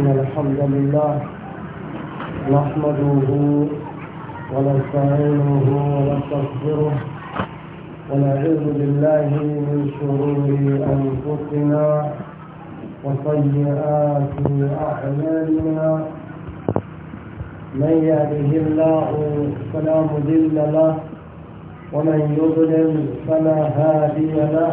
إن الحمد لله نحمده ونستعينه ونستغفره ونعوذ بالله من شرور أنفسنا وسيئات أعمالنا من يهده الله فلا مضل له ومن يضلل فلا هادي له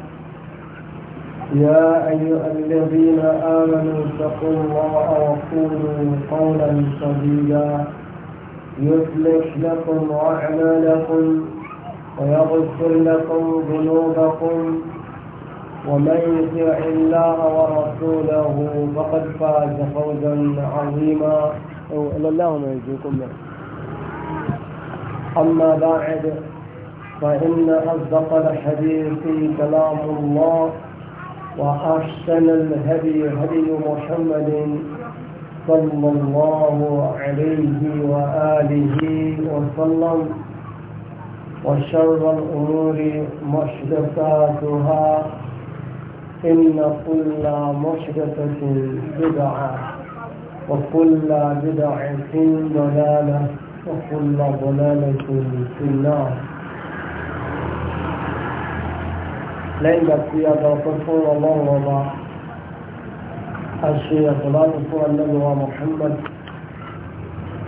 يا أيها الذين آمنوا اتقوا الله وقولوا قولا سديدا يصلح لكم أعمالكم ويغفر لكم ذنوبكم ومن يطع الله ورسوله فقد فاز فوزا عظيما اللهم يجزيكم أما بعد فإن أصدق الحديث كلام الله وأحسن الهدي هدي محمد صلى الله عليه وآله وسلم وشر الأمور محدثاتها إن كل محدثة بدعة وكل بدعة ضلالة وكل ضلالة في النار lẹ́yìn ìgbà tí a bọ̀ pẹ́ fún ọlọ́run ọba a ṣe àtọ̀láàbò fún ọlọ́run Muhammad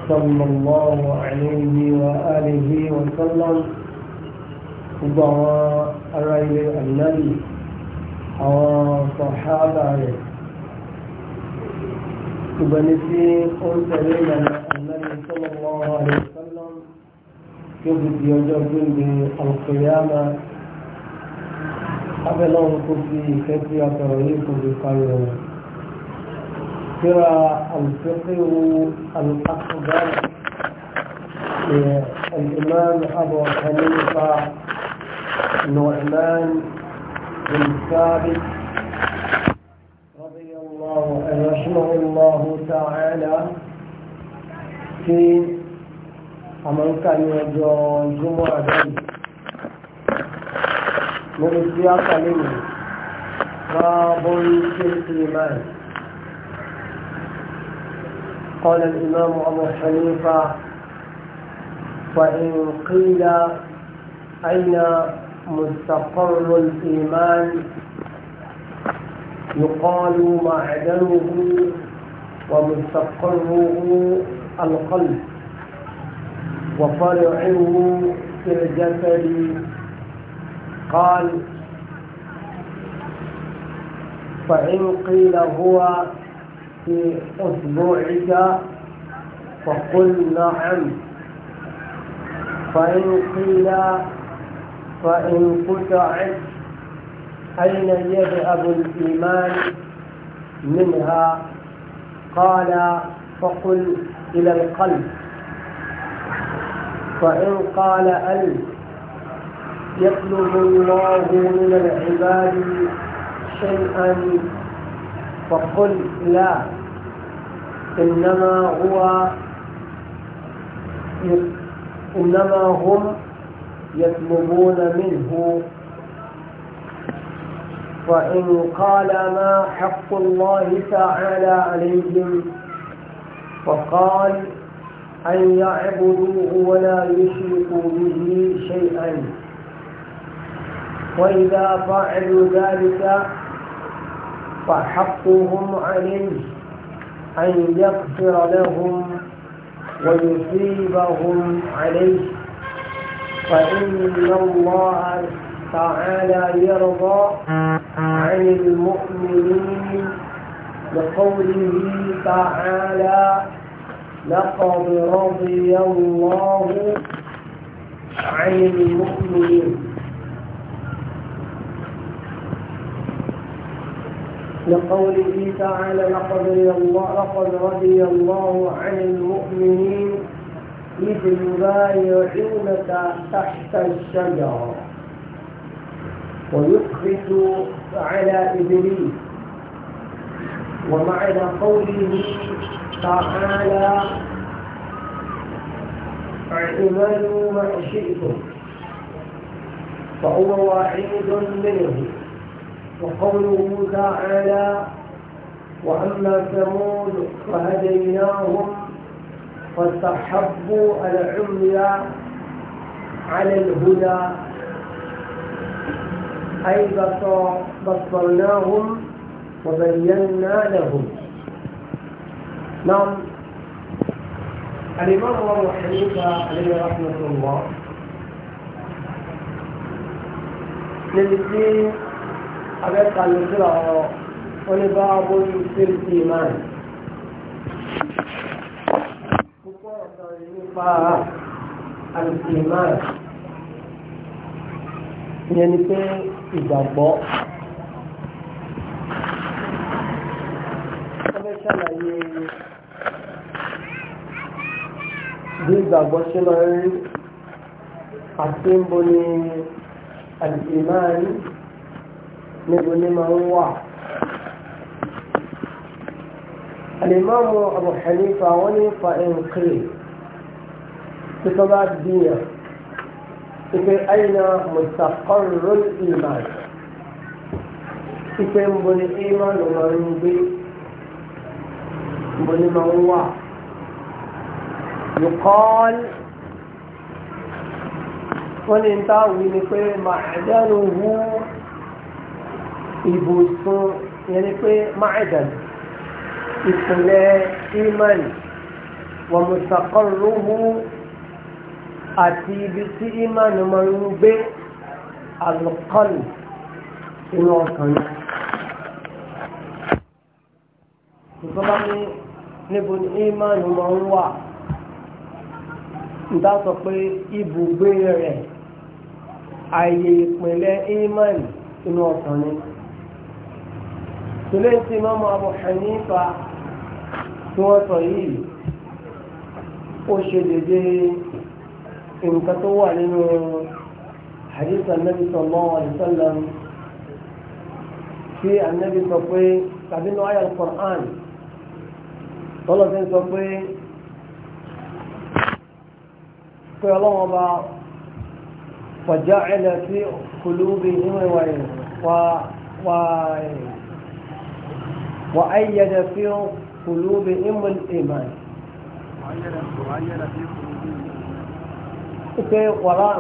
sallallahu alayhi wa alihi wa sallam gbogbo àwọn ará ilé ànábì àwọn sọ̀hábà rẹ̀ gbogbo ẹni tí ó ń tẹ̀lé ìlànà ànábì sallallahu alayhi wa sallam yóò fi di ọjọ́ gbé ìgbé abẹ́lẹ́ òun kò fi ìfẹ́ ترى الفقه sọ̀rọ̀ yìí الإمام أبو حنيفة نعمان بن ثابت رضي الله عنه رحمه الله تعالى في أمريكا يوم الجمعة من السياق منه باب في الإيمان قال الإمام أبو حنيفة وإن قيل أين مستقر الإيمان يقال معدنه ومستقره القلب وفرعه في الجسد قال فإن قيل هو في أسبوعك فقل نعم فإن قيل فإن قطعت أين يذهب الإيمان منها قال فقل إلى القلب فإن قال ألف يطلب الله من العباد شيئا فقل لا إنما هو إنما هم يطلبون منه وإن قال ما حق الله تعالى عليهم فقال أن يعبدوه ولا يشركوا به شيئا وإذا فعلوا ذلك فحقهم عليه أن يغفر لهم ويصيبهم عليه فإن الله تعالى يرضى عن المؤمنين لقوله تعالى لقد رضي الله عن المؤمنين لقوله تعالى لقد رضي الله عن المؤمنين إذ يبايعونك تحت الشجرة ويقفز على إبليس ومعنى قوله تعالى اعتمدوا ما شئتم فهو واحد منهم وقوله تعالى وأما ثمود فهديناهم فاستحبوا العمي على الهدى أي بصرناهم وبينا لهم نعم الإمام أبو حنيفة عليه رحمة الله للدين abẹ́ka ló síra ọ̀rọ̀ oníbà bóyú fèrèsì máa ń. púpọ̀ ọ̀sán nípa àlùfẹ́ máa ń. ìyẹn ni pé ìgbàgbọ́. ọbẹ̀ ṣàlàyé bí ìgbàgbọ́ ṣe máa rí àti ń bo ni àlùfẹ́ máa rí níbo ní máa ń wà. Àlèmáàmù Abu Hanifa wọ́n ní fa ẹ̀ǹkiri tí tó bá dìyàn ìpè àyìnà mustaqarrul iman ìpè ń bo ní ló máa ń gbé ń máa ń wà. Yùkọ́ọ́lì wọ́n ní ń táwí ni pé màdánù wú. ibu sonyelikpe mahadum ikpule iman wa musakaluhu ati ibi si iman nmr ube alukhalu ịnọ ọtọnyi n'ofe na anyi n'ebun iman nmr nda sokee ibu bee nye a ile ikpule iman ịnọ ọtọnyi. tòlẹ́ ti Imam Abu Hanifa tí wọ́n sọ yìí ó ṣe dédé nǹkan tó wà nínú hadith anabi sallallahu alaihi wasallam tí anabi sọ pé tàbí nínú ayé al-Qur'an sọ pé pé ọlọ́wọ́n bá faja'ala fi qulubihim wà wà wà. وأيد في قلوبهم الإيمان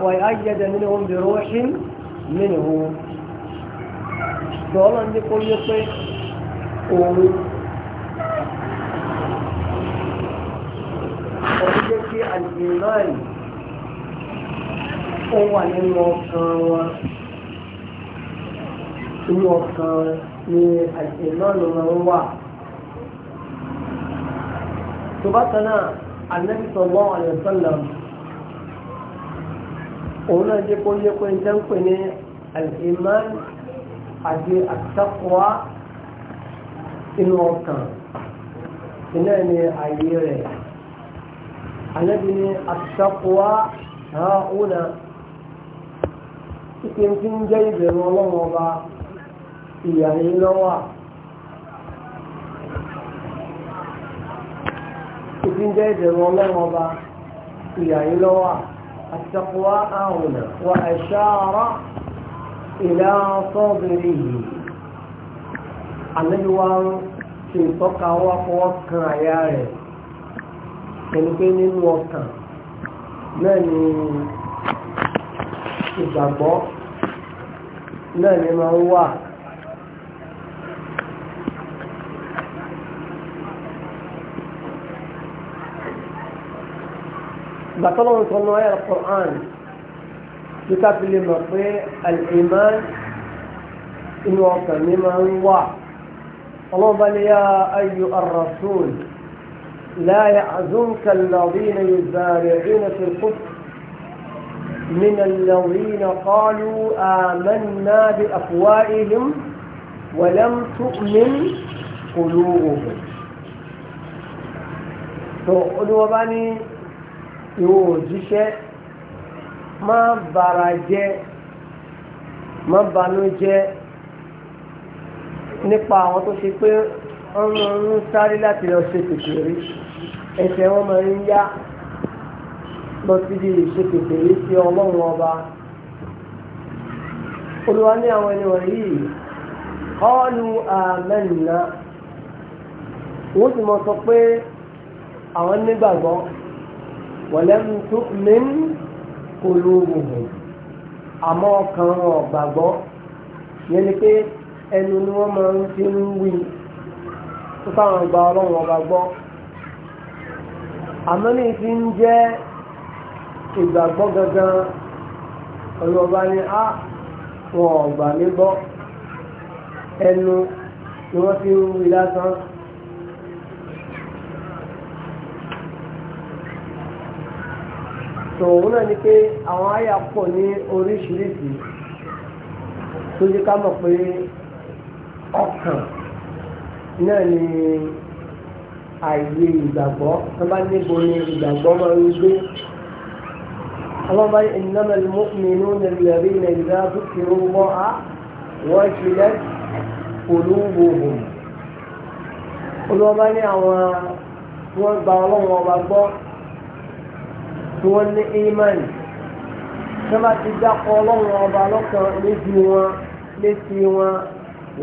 وأيد منهم بروح منه دولار يقول يقول ويجب الإيمان هو من وصاوة من وصاوة ni àìsèmánù máa ń wà. tó bá kan náà anabi sallallahu alaihi wasallam òun náà jẹ́ kó yẹ kó ń jẹ́ ń pè ní àìsèmán àti àtàkùwá inú ọkàn iná ni ààyè rẹ̀ anabi ni àtàkùwá ha ó na ìpínpín jẹ́ ìbẹ̀rù ọlọ́run ìyà yìí lọ́wọ́ ìdí jẹ́ ìdẹ̀rù ọlọ́run ọba ìyà yìí lọ́wọ́ àtẹ̀kùwá àwọn wa ashara ila sadrihi àlejòwá ń ṣe ìtọ́ka wá fọwọ́ kan àyà rẹ̀ ẹni nínú ọkàn náà ìgbàgbọ́ náà ni máa ń wà. لا طلعوا صنوا القرآن كتاب اللي مطيع الإيمان إن وقم ما هو الله بل يا أي الرسول لا يعزمك الذين يزارعون في الكفر من الذين قالوا آمنا بأفواههم ولم تؤمن قلوبهم تقولوا بني ìwọ òjíṣẹ́ má bara jẹ́ má banú jẹ́ nípa àwọn tó ṣe pé wọ́n máa ń sáré láti lọ ṣe kékeré ẹsẹ̀ wọn máa ń yá lọ síbi ìṣe kékeré sí ọlọ́run ọba olùwà ní àwọn ẹni wọ̀nyí kọ́ọ̀lù àmẹ́nìlá wọ́n sì mọ̀ sọ pé àwọn nígbàgbọ́. ولم تؤمن قلوبهم àmọ́ ọkàn wọn gbàgbọ́ yẹn ni pé ẹnu ni wọ́n máa ń fi ń wí tó káwọn gba ọlọ́run ọba gbọ́ àmọ́ ní ti ń jẹ́ ìgbàgbọ́ gangan ọlọ́ba ni á wọn ọ̀gbà mi gbọ́ ẹnu ni wọ́n fi ń wí lásán. so òun náà ni pé àwọn àyà pọ̀ ní oríṣiríṣi tó yẹ ká mọ̀ pé ọkàn náà ni àyè ìgbàgbọ́ tó bá níbo ni ìgbàgbọ́ máa ń gbé ọlọ́mọdé ìnáma mọ́kùnrin ní ìlẹ̀rí nàìjíríà tó fi ń mọ́ a wọ́n ti lẹ́ olúwòwò olúwọ́n bá ní àwọn wọ́n gba ọlọ́wọ́n ọba gbọ́. tí wọ́n ní imani tí wọ́n ti dákọ̀ ọlọ́run ọba wọn létí wọn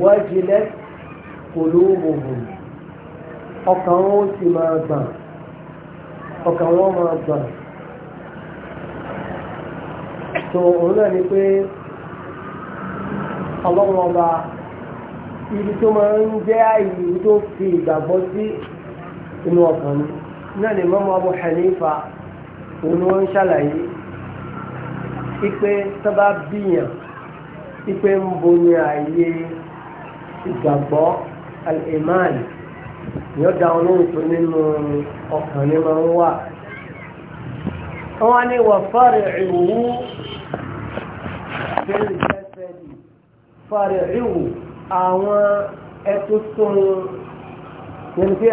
wajilat ọkàn wọn ó sì máa gbọ̀n ọkàn wọn máa gbọ̀n tó òun náà ni pé ọlọ́run ọba ibi tó máa ń jẹ́ àyè tó fi ìgbàgbọ́ sí inú ọkàn ní náà ni mọ́mọ́ Abu Hanifa. òun ni wọ́n ń ṣàlàyé ipe tó bá bíyàn ipe ń bo ní ààyè ìgbàgbọ́ al-iman yóò dá olóhùn tó nínú ọkàn ní máa ń wà. wọ́n ní wà fáre ìwú fẹ́lẹ̀ jẹ́sẹ̀lì fáre ìwú àwọn ẹtútún tó tún ni pé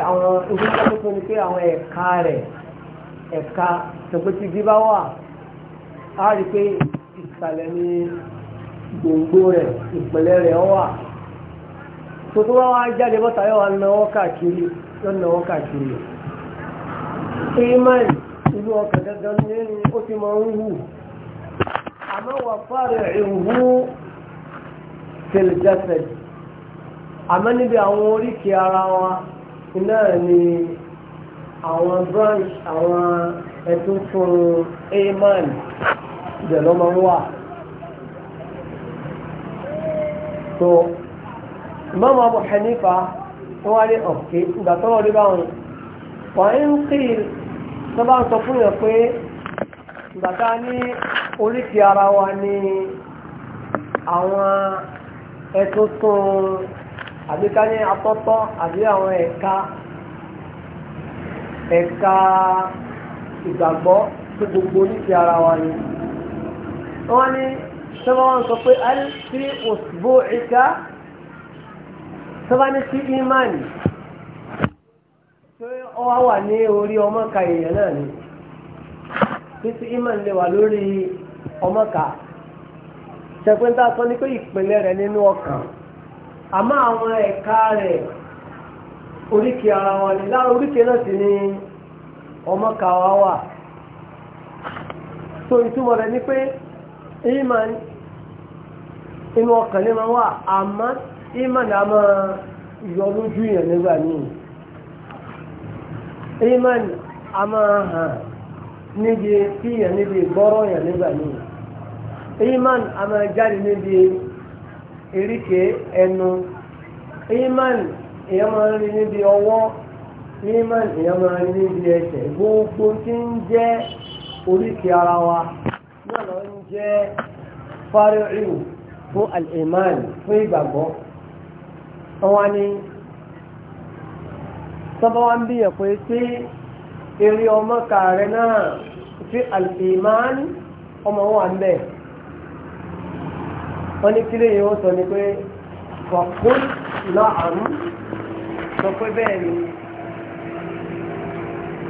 àwọn ẹ̀ka rẹ̀ ẹ̀ka tẹ̀pẹ́ tí igi bá wà á rí pé ìsàlẹ̀ ni gbòǹgbò rẹ̀ ìpìlẹ̀ rẹ̀ wà tó tó wá wá jáde bọ́ta yóò wá náwó káàkiri yóò náwó káàkiri ìmọ̀ ìlú ọkàn dandan ní ó ti máa ń wù àmọ́ wà fáre ìwú tẹlẹjẹsẹ̀ àmọ́ níbi àwọn oríkèé ara wa iná ni àwọn branch àwọn ẹ̀tún fún amen ibẹ̀ lọ́mọ ń wà. tó Imam Abu Hanifa tó wá ní ọ̀kẹ́ ìgbà tó lọ́ọ́ dé báwọn wọ́n ń kí tó bá ń sọ fún yẹn pé ìgbà tá a ní oríkì ara wa ní àwọn ẹ̀tún tún àbí ní atọ́tọ́ àbí àwọn ẹ̀ka ẹ̀ka ìgbàgbọ́ tó gbogbo oníṣẹ́ ara wa ni. wọ́n ní sọ́wọ́ sọ pé al fi òṣùbò ìka sọ́wọ́ ní sí imani pé ọ wá wà ní orí ọmọ ka èèyàn náà ni pé sí imani lè wà lórí ọmọ ka ṣẹ̀pẹ́ tá a sọ ní pé ìpìlẹ̀ rẹ̀ nínú ọkàn àmọ́ àwọn ẹ̀ka rẹ̀ oríkèé ara wọn ni lára oríkèé náà sì ni. ọmọ kàwá wà so ìtumọ̀ rẹ̀ nipe pé iman inú ọkàn ní máa wà àmọ́ iman a máa yọ lójú yẹn nígbà iman a máa hàn níbi tí bọrọ níbi gbọ́rọ̀ yẹn nígbà iman a máa jáde níbi eríkèé ẹnu iman èèyàn máa ń rí níbi ọwọ́. Iman èèyàn máa rí níbi ẹsẹ̀ gbogbo tí ń jẹ́ oríkì ara wa náà lọ ń jẹ́ fáríù fún alìmáàlì fún ìgbàgbọ́ ọwọ́ ni tọ́bọ́ wá ń bíyàn pé sí eré ọmọ kààrẹ náà fi alìmáàlì ọmọ wà ń bẹ̀ wọ́n ní kílé yìí sọ ni pé fọ̀kún láàrú sọ pé bẹ́ẹ̀ ni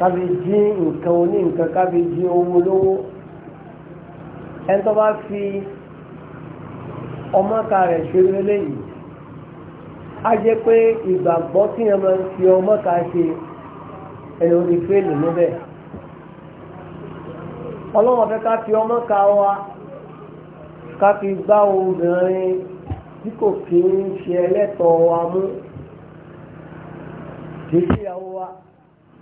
kábi jí nǹkan oní nǹkan kábi jí owó lówó ẹni tó bá fi ọmọka rẹ̀ ṣeré léyìí a jẹ́ pé ìgbàgbọ́ tí yẹn máa ń fi ọmọka ṣe ẹni orí fèlè níbẹ̀ ọlọ́wọ́n fẹ́ ká fi ọmọka wa ká fi gbá obìnrin tí kò kí ń ṣe ẹlẹ́tọ̀ọ́ wa mú kì í ṣe ìyàwó wa.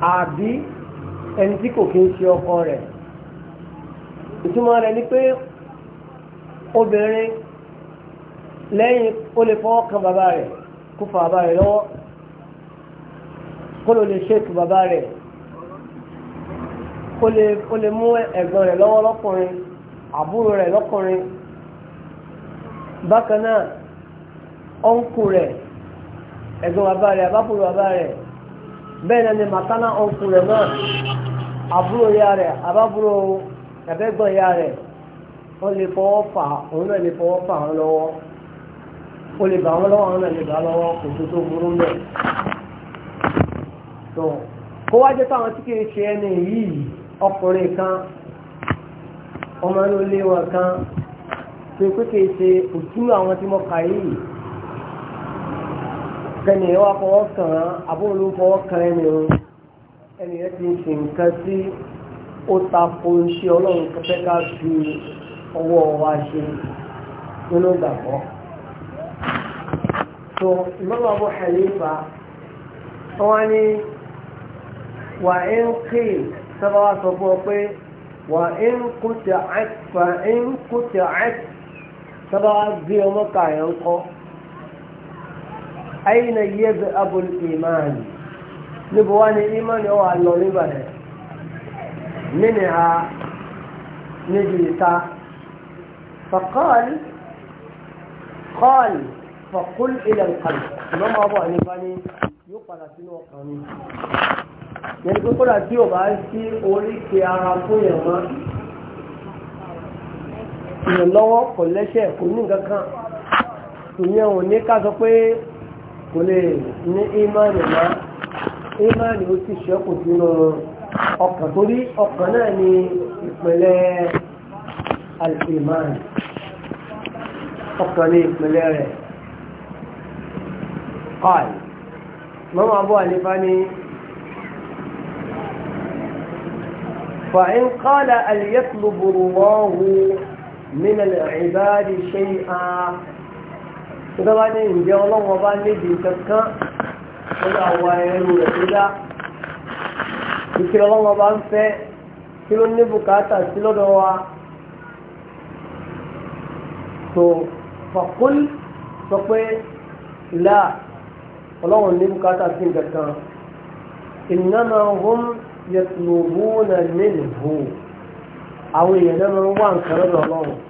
àbí ẹni tí kò kí ń ṣe ọkọ rẹ̀ ìtumọ̀ rẹ̀ ni pé obìnrin lẹ́yìn ó lè fọwọ́ kan bàbá rẹ̀ kó fa bàbá rẹ̀ lọ́wọ́ kó ló lè ṣètò bàbá rẹ̀ ó lè mú ẹ̀gbọ́n rẹ̀ lọ́wọ́ lọ́kùnrin àbúrò rẹ̀ lọ́kùnrin bákan náà ọ̀nkù rẹ̀ ẹ̀gbọ́n bàbá rẹ̀ àbábùrò bàbá rẹ̀ bẹ́ẹ̀ ni màkánà ọkùnrin rẹ̀ náà àbúrò ya rẹ̀ àbábúrò ẹ̀bẹ́gbọ̀n ya rẹ̀ ó lè fọwọ́ fà òun náà lè fọwọ́ fà wọn lọ́wọ́ ó lè bà wọn lọ́wọ́ òun náà lè bà lọ́wọ́ kò tó tó burú mẹ́. tó kó wá jẹ́ táwọn tí kìí ṣe ẹni yìí ọkùnrin kan ọmọ inú ilé wọn kan pé pé ṣe òtún àwọn tí mo kà yìí kẹ́ni ẹ̀ wá fọwọ́ kàn án àbúrò fọwọ́ kàn ẹni o ẹni ẹ ti ń ṣe nǹkan tí ó ta ko ọlọ́run ká fi ọwọ́ wa ṣe nínú ìgbàgbọ́. so Imam Abu Hanifa wọ́n ní wà ń kí sábà wá sọ fún ọ pé wà ń kúta sábà wá gbé ọmọ kọ́. aina yadhhabu al-iman níbo wá ní iman yóò wà lọ nígbà rẹ̀ nínú ha níbi ìta faqal qal faqul ila al-qalb ìmọ̀ máa bọ̀ nípa ní yóò padà sínú ọkàn mi yẹni pé kódà tí o bá sí oríkè ara fún yẹn mọ́ ìrànlọ́wọ́ kò lẹ́sẹ̀ kò ní nǹkan kan tòun yẹn ò ní ká sọ pé kò lè ní ìmánì má ìmánì ó ti ṣẹ́kù sínú ọkàn torí ọkàn náà ni ìpìlẹ̀ alìmánì ọkàn ní ìpìlẹ̀ rẹ̀ kọ́ọ̀lì mọ́mọ́ abọ́ àlefá ní فإن قال أن يطلب الله من العباد شيئا tó bá ní ìjẹ́ ọlọ́wọ́ bá léde kankan wọ́n lọ àwọn ẹrù rẹ̀ tó dá ìkí ọlọ́wọ́ bá ń fẹ́ kí ló ní bùkátà sí lọ́dọ̀ wa tó fàkúl sọ pé là ọlọ́wọ́ ní bùkátà sí kankan ìnáná hum yẹtùlùbù náà nílùú àwọn èèyàn náà máa nǹkan lọ́dọ̀ ọlọ́wọ́.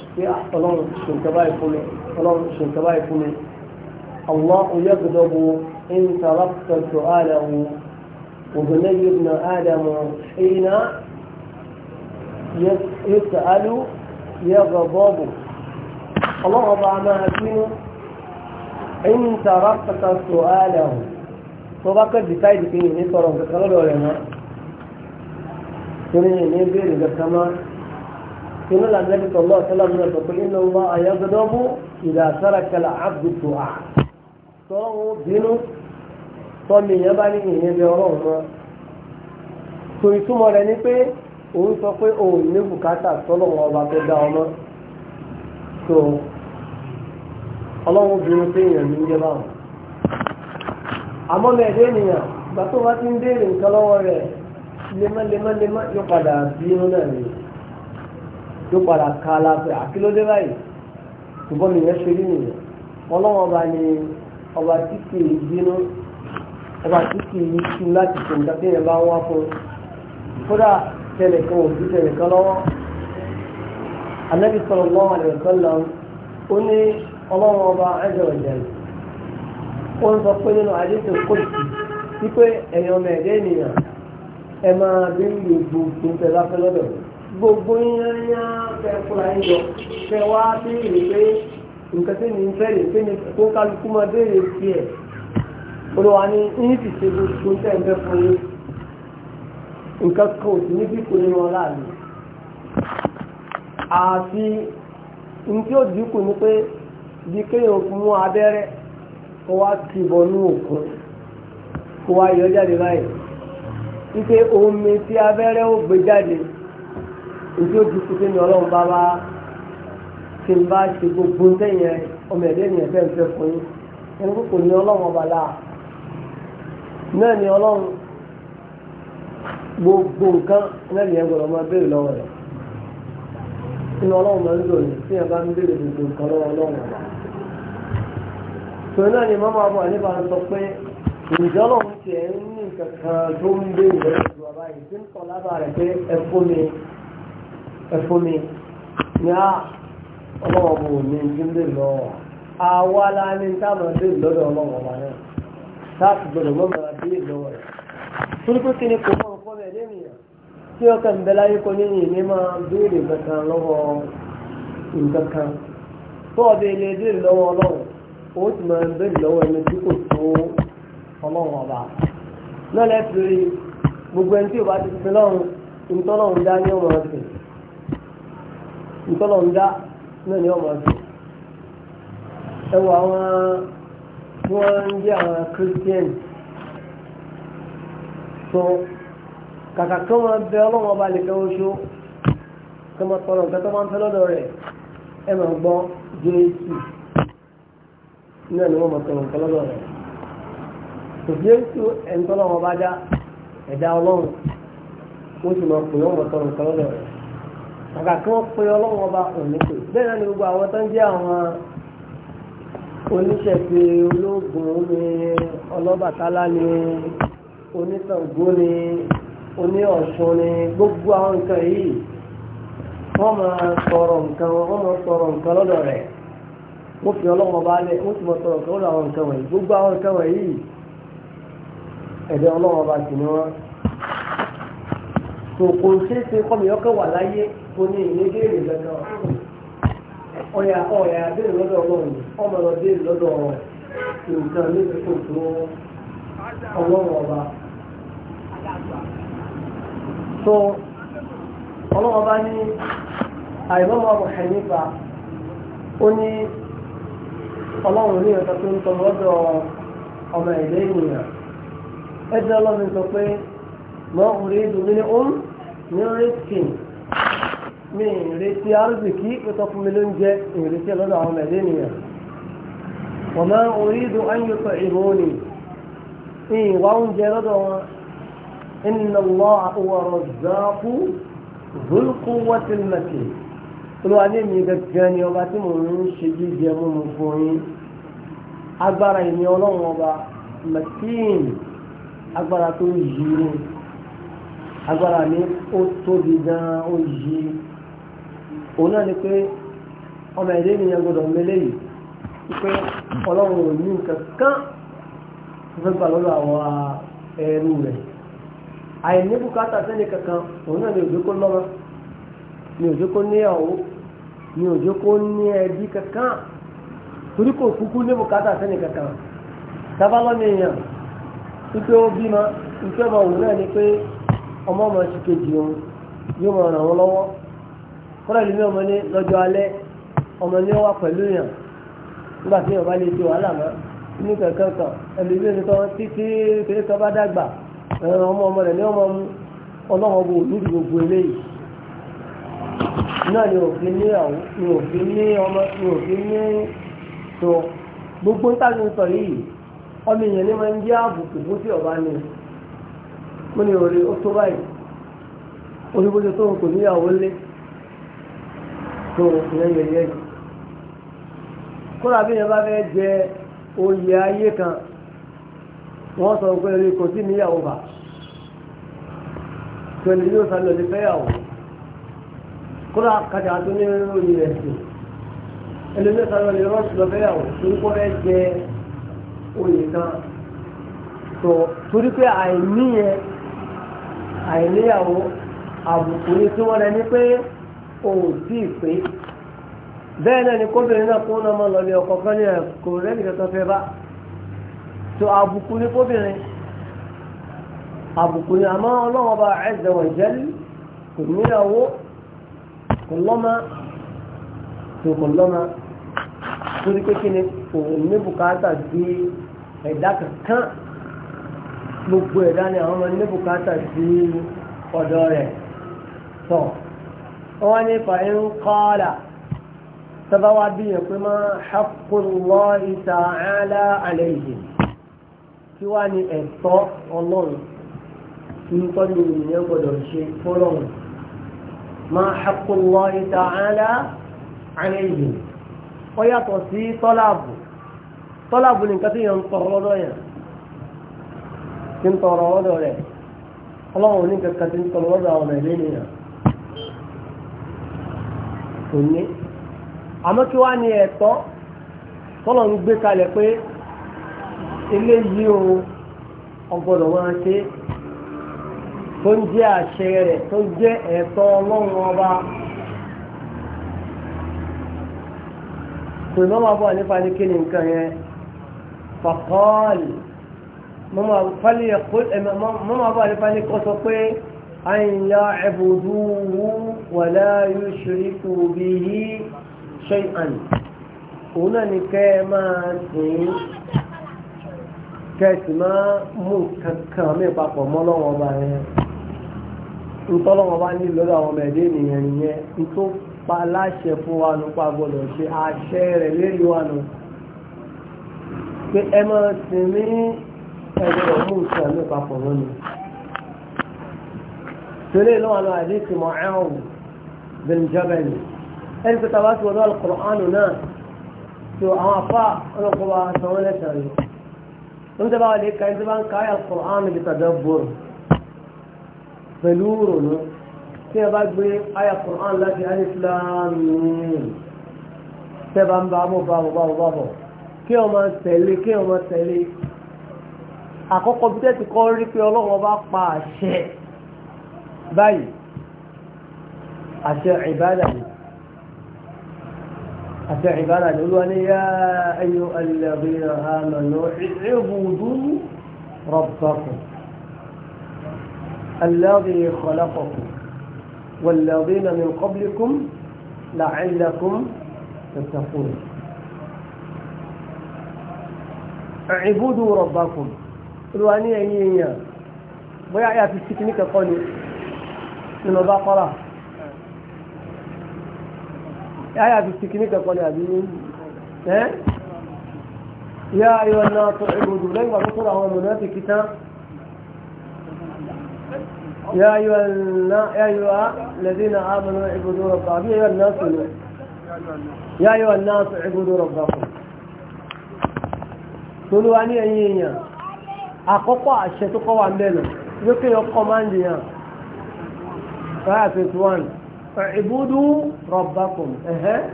pé ah, ọlọ́run ṣèǹkàbá ìfúnni ọlọ́run ṣèǹkàbá ìfúnni Allahu yaghdabu in tarakta su'alahu wa bunayya ibn adam hina yas'alu yaghdabu ọlọ́run bá máa bínú in tarakta su'alahu tó bá kẹ́ dìtáìdì pé ní sọ̀rọ̀ nǹkan lọ́dọ̀ rẹ̀ mọ́ torí ní ìbéèrè kankan máa inú la nẹ́bí sọ̀lọ́ ọ̀sẹ́lẹ̀mù náà sọ pé inú wa ayọ́gọ́dọ́mú ìdá sárakẹ́lá àbùtù à. tọ́lọ́hún bínú tọ́mi yẹn bá ní ìyẹn bẹ ọlọ́run mọ́. tó ìtumọ̀ rẹ̀ ni sọ pé òun ní bùkátà tọ́lọ́hún ọba tó dá ọmọ. tó ọlọ́run bínú pé èèyàn ní yẹ báwọn. tó padà ka aláfẹ́ àkílódé báyìí ṣùgbọ́n nìyẹn ṣe rí nìyẹn ọlọ́wọ́n ọba ni ọba tí kì í bínú ọba tí kì í tú láti ṣe nǹkan tí yẹn bá wá fún kódà tẹnìkan ò sí tẹnìkan lọ́wọ́ anabi sallallahu alaihi wasallam ó ní ọlọ́wọ́n ọba azza wa jalla ó ń sọ pé nínú àdéhùn kóòtù wípé ẹ̀yàn mẹ́ẹ̀ẹ́dẹ́ ènìyàn ẹ máa bí gbogbo tó ń láfẹ́ lọ́dọ̀ gbogbo yányá fẹ́kúra ń yọ fẹ́ wá béèrè pé nǹkan tí mi ń fẹ́ lè fẹ́ ni kó kálukú máa béèrè sí ẹ̀ olùwà ní ti ṣe gbogbo ń fún yín nǹkan sí nínú ọlá mi àti ó dínkù ni pé bí kéèyàn mú abẹ́rẹ́ kó wá òkun kó wá yọ jáde báyìí wípé omi tí abẹ́rẹ́ ó gbé jáde ojú ojú kúté ni ọlọ́run bá wá tí n bá ṣe gbogbo sẹ́yìn ọmọ ẹ̀dẹ́ ènìyàn fẹ́ fẹ́ fún yín ẹni kò ní ọlọ́run ọba láà náà ni ọlọ́run gbogbo nǹkan náà ni ẹ gbọ́dọ̀ máa béèrè lọ́wọ́ rẹ̀ nínú ọlọ́run máa ń lò ní tí ẹ bá ń béèrè gbogbo nǹkan lọ́wọ́ ọlọ́run ọba. sọ náà ni màmá àbọ̀ àníbà ń sọ pé ǹjẹ́ ọlọ́run tiẹ̀ ń ní nǹkan kan tó ń béèrè lọ́wọ́ ìjọba yìí tí ń tọ́ lábàá rẹ̀ pé ẹ fún ẹ̀fún mi ní à ọlọ́wọ́ bò ní ìdílé lọ àwa la ní táwọn ọdẹ lọ́dọ̀ ọlọ́wọ́ wa náà láti gbọdọ̀ mọ́ màá dé lọ́wọ́ rẹ̀ torí pé kí ni kò mọ̀ fọ́ bẹ́ẹ̀ dé nìyà tí ọkàn bẹ́ẹ̀ láyé kọ́ ní ìní máa béèrè kankan lọ́wọ́ nǹkan kan tó ọbẹ̀ ilé béèrè lọ́wọ́ ọlọ́wọ́ ó sì máa béèrè lọ́wọ́ ẹni tí kò tó ọlọ́wọ́ ọba náà lẹ́ẹ̀fì lórí gbogbo ẹni ìtọ́lọ̀ ń dá náà ni ọmọ ọ̀sẹ̀ ẹwà àwọn tí wọ́n Christian tó kàkà kí wọ́n bẹ ọlọ́wọ́ bá lè fẹ́ oṣù kí wọ́n tọrọ nǹkan tó máa ń fẹ́ lọ́dọ̀ rẹ̀ ẹ máa gbọ́ Jésù náà ni wọ́n máa tọrọ nǹkan lọ́dọ̀ rẹ̀ kò Jésù ẹ̀ńtọ́lọ́wọ́ bá dá ẹ̀dá ọlọ́run wọ́n sì àgbà kí wọ́n pe ọlọ́run ọba òní pè bẹ́ẹ̀ náà ni gbogbo àwọn tó ń jẹ́ àwọn oníṣẹ̀ṣe ológun ni ọlọ́bàtálá ni oníṣàngó ni oní ọ̀ṣun ni gbogbo àwọn nǹkan yìí wọ́n máa sọ̀rọ̀ nǹkan wọ́n máa sọ̀rọ̀ nǹkan lọ́dọ̀ rẹ̀ wọ́n fi ọlọ́run ọba lẹ̀ wọ́n sì máa sọ̀rọ̀ nǹkan lọ́dọ̀ àwọn nǹkan wọ̀nyí gbogbo àwọn nǹkan wọ̀nyí ẹ̀dẹ̀ ọlọ́run ọba sì ni wọ́n. tòkó ṣeé ṣe kọ́mi ọkọ̀ wà láyé mo ní ìní béèrè lọ́dọ̀ ọ̀yà ọ̀yà béèrè lọ́dọ̀ ọlọ́run ọmọ lọ béèrè lọ́dọ̀ nǹkan so ọlọ́run ọba ní ọmọ Hanifa ó ní ní ẹ̀ka tó ń ọmọ ìlú ènìyàn pé òun mi ìrètí arúgbìkì pẹ̀tọ́ fún mi ló ń jẹ ìrètí lọ́dọ̀ àwọn ẹ̀dẹ́ nìyẹn wọ́n máa ń orí ìdùn ayọ̀tọ̀ ìmúni ìyìn wá oúnjẹ lọ́dọ̀ wọn inna Allaha huwa razzaqu dhul quwwatil matin olúwa ní mi gẹ́gẹ́ ni ọba tí mò ń ṣe jíjẹ mú mu fún yín agbára ìní ọlọ́run ọba matin agbára tó yí agbára mi ó tóbi gan-an ó yí òun náà ni pé ọmọ ẹ̀dẹ́ ènìyàn gbọdọ̀ mẹ́lẹ̀ yìí pé ọlọ́run ò ní nǹkan kan tó fẹ́ gbà lọ́dọ̀ àwọn ẹrú rẹ̀ àìní bùkátà sẹ́ni kankan òun náà ni òjò kó lọ́mọ ni òjò kó ni òjò kó ní ẹbí kankan torí kò kúkú ní bùkátà sẹ́ni kankan èèyàn wípé ó bímọ ọmọ òun náà ni pé ọmọ ọmọ òun yóò kọ́lá ìlú mi ọmọ ní lọ́jọ́ alẹ́ ọmọ ní wà pẹ̀lú yàn nígbà tí yàn lè ṣe wàhálà mọ́ inú kẹ̀kẹ́ kan ẹ̀lú ilé nìkan títí kéré kan bá dàgbà ọmọ ọmọ rẹ̀ ní ọmọ ọlọ́wọ́ bò níbi gbogbo eléyìí náà ni òfin ní àwọn ni òfin ní ọmọ ni òfin ní tó gbogbo ń tàbí sọ yìí ọmọ èèyàn ní máa ń jẹ́ àbùkù bó tí ọba ni mo ní òrè ó tó báyìí orí bó tó kò níyàwó lé tó ìyẹn yẹ yẹ yìí kódà bí yẹn bá fẹ́ jẹ oyè ayé kan wọ́n sọ pé orí kò sí níyàwó bá tòlè yóò sá lọ sí fẹ́yàwó kódà kàtà tó ní oyè rẹ̀ sí ẹlẹ́mẹ́ sá lọ lè rọ́ọ̀sì lọ fẹ́yàwó torí kó fẹ́ jẹ oyè kan tó torí pé àìníyẹ àìníyàwó àbùkù ni tí wọ́n rẹ ní pé òun tí ì pé bẹ́ẹ̀ náà ni kóbìnrin náà kó náà máa lọ lé ọkọ kan ní ẹ̀kọ́ rẹ́nì kankan fẹ́ bá tó àbùkù ní kóbìnrin àbùkù ní àmọ́ ọlọ́wọ́ bá ẹ̀jẹ̀ wọ̀ jẹ́lí kò níyàwó kò lọ́mọ tó kò lọ́mọ torí pé kí ni òun ní bùkátà bí ẹ̀dá kankan gbogbo ẹ̀dá ni àwọn ọmọ ní bùkátà bí ọ̀dọ́ rẹ̀ tọ̀. So, wọ́n ní fàyín kọ́ọ̀là tọ́ba wa bí yẹn pé máa haqqullahi ta'ala alayhim kí wá ní ẹ̀tọ́ ọlọ́run kí n tọ́ ní ènìyàn gbọ́dọ̀ ṣe fọ́lọ́run máa haqqullahi ta'ala alayhim ó yàtọ̀ sí tọ́láàbù tọ́láàbù ní nǹkan tí yẹn lọ́dọ̀ rẹ̀ ọlọ́run ní kankan tí lọ́dọ̀ àwọn ẹ̀lẹ́nìyàn kò ní àmọ́ kí wá ní ẹ̀tọ́ tọ́lọ̀ ń gbé kalẹ̀ pé ilé yìí o ọgbọ́dọ̀ máa ṣe tó ń jẹ́ àṣẹ rẹ̀ tó ń jẹ́ ẹ̀tọ́ ọlọ́run ọba tó ìmọ̀ máa bọ̀ nípa ní kí nǹkan yẹn fàkọ́ọ̀lì mọ́ máa nípa ní kọ́ sọ pé. أن يعبدوه ولا يشركوا به شيئا هنا نكما سين كتما مككامي باقو مولو وبايه ntọ́lọ́wọ́ bá ní lọ́dọ̀ àwọn ọmọ ẹ̀dẹ́ ènìyàn nìyẹn n tó pa láṣẹ fún wa nù pa gbọ́dọ̀ ṣe àṣẹ rẹ̀ lérí wa nù pé ẹ máa sìn ẹgbẹ̀rún mú ìṣẹ̀lẹ̀ papọ̀ lónìí سنة لو أنا عليك معاو بالجبل أنت تبات وضع القرآن هنا تو أعفاء أنا قبعة سوالة شري أنت بقى عليك أنت بقى كاي القرآن بتدبر بلور تي بقى بي آية القرآن التي ألف لام تي بقى بابو بابو بابو بابو kí ọmọ tẹ̀lé kí ọmọ tẹ̀lé àkọ́kọ́ bí tẹ́ ti kọ́ rí pé ọlọ́wọ́ باي اشع عباده اشع عباده الاولانيه اي الذين امنوا اعبدوا ربكم الذي خلقكم والذين من قبلكم لعلكم تتقون اعبدوا ربكم الاولانيه هي ويا يا في سكنك قولي nínú bá kọ́ra ayé àti tìkíní kẹ́kọ́ ni àbí ẹ́ yá ayọ̀ náà tó ìbòdù lẹ́yìn ìgbà tó tó àwọn ọmọ náà ti kí tán يا أيها يا أيها الذين آمنوا اعبدوا ربكم يا أيها الناس يا أيها الناس اعبدوا ربكم tolúwa ní ẹ̀yìn èèyàn àkọ́kọ́ àṣẹ tó kọ́ wà ń bẹ̀rẹ̀ lókè ọkọ̀ máa ń dìyàn verse 51 اعبدوا ربكم اها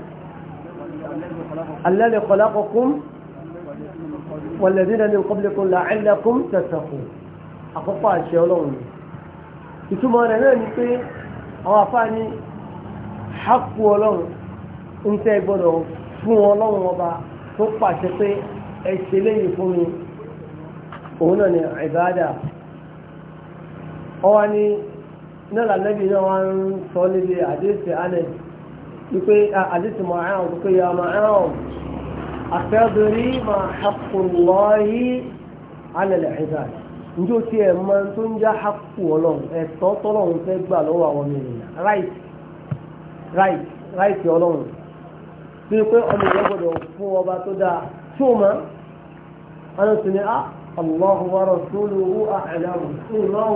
الذي خلقكم والذين من قبلكم لعلكم تتقون àkọ́kọ́ àṣẹ ọlọ́run ni ìtumọ̀ rẹ̀ náà ni pé àwọn afá ní hákù ọlọ́run ń tẹ́ gbọ́dọ̀ fún ọlọ́run ọba tó pàṣẹ pé ẹ ṣe léyìn fún mi òun náà ni ìbáàdà ọwọ́ ni náà lànàbí náà na ń sọ níbi àdéhùn àná wípé àdéhùn mọ̀ ya mọ̀ ẹ́ ọ̀hún ma máa haqqullahi ala al-ibad njó tí ẹ̀ máa tó ń já haqqu ọlọ́run ẹ̀tọ́ tọ́lọ́run fẹ́ gbà lọ́wọ́ àwọn right right right ọlọ́run tí pé ọmọ ìyẹn gbọ́dọ̀ fún ọba tó dáa a! ó máa sì ní ah Allahu wa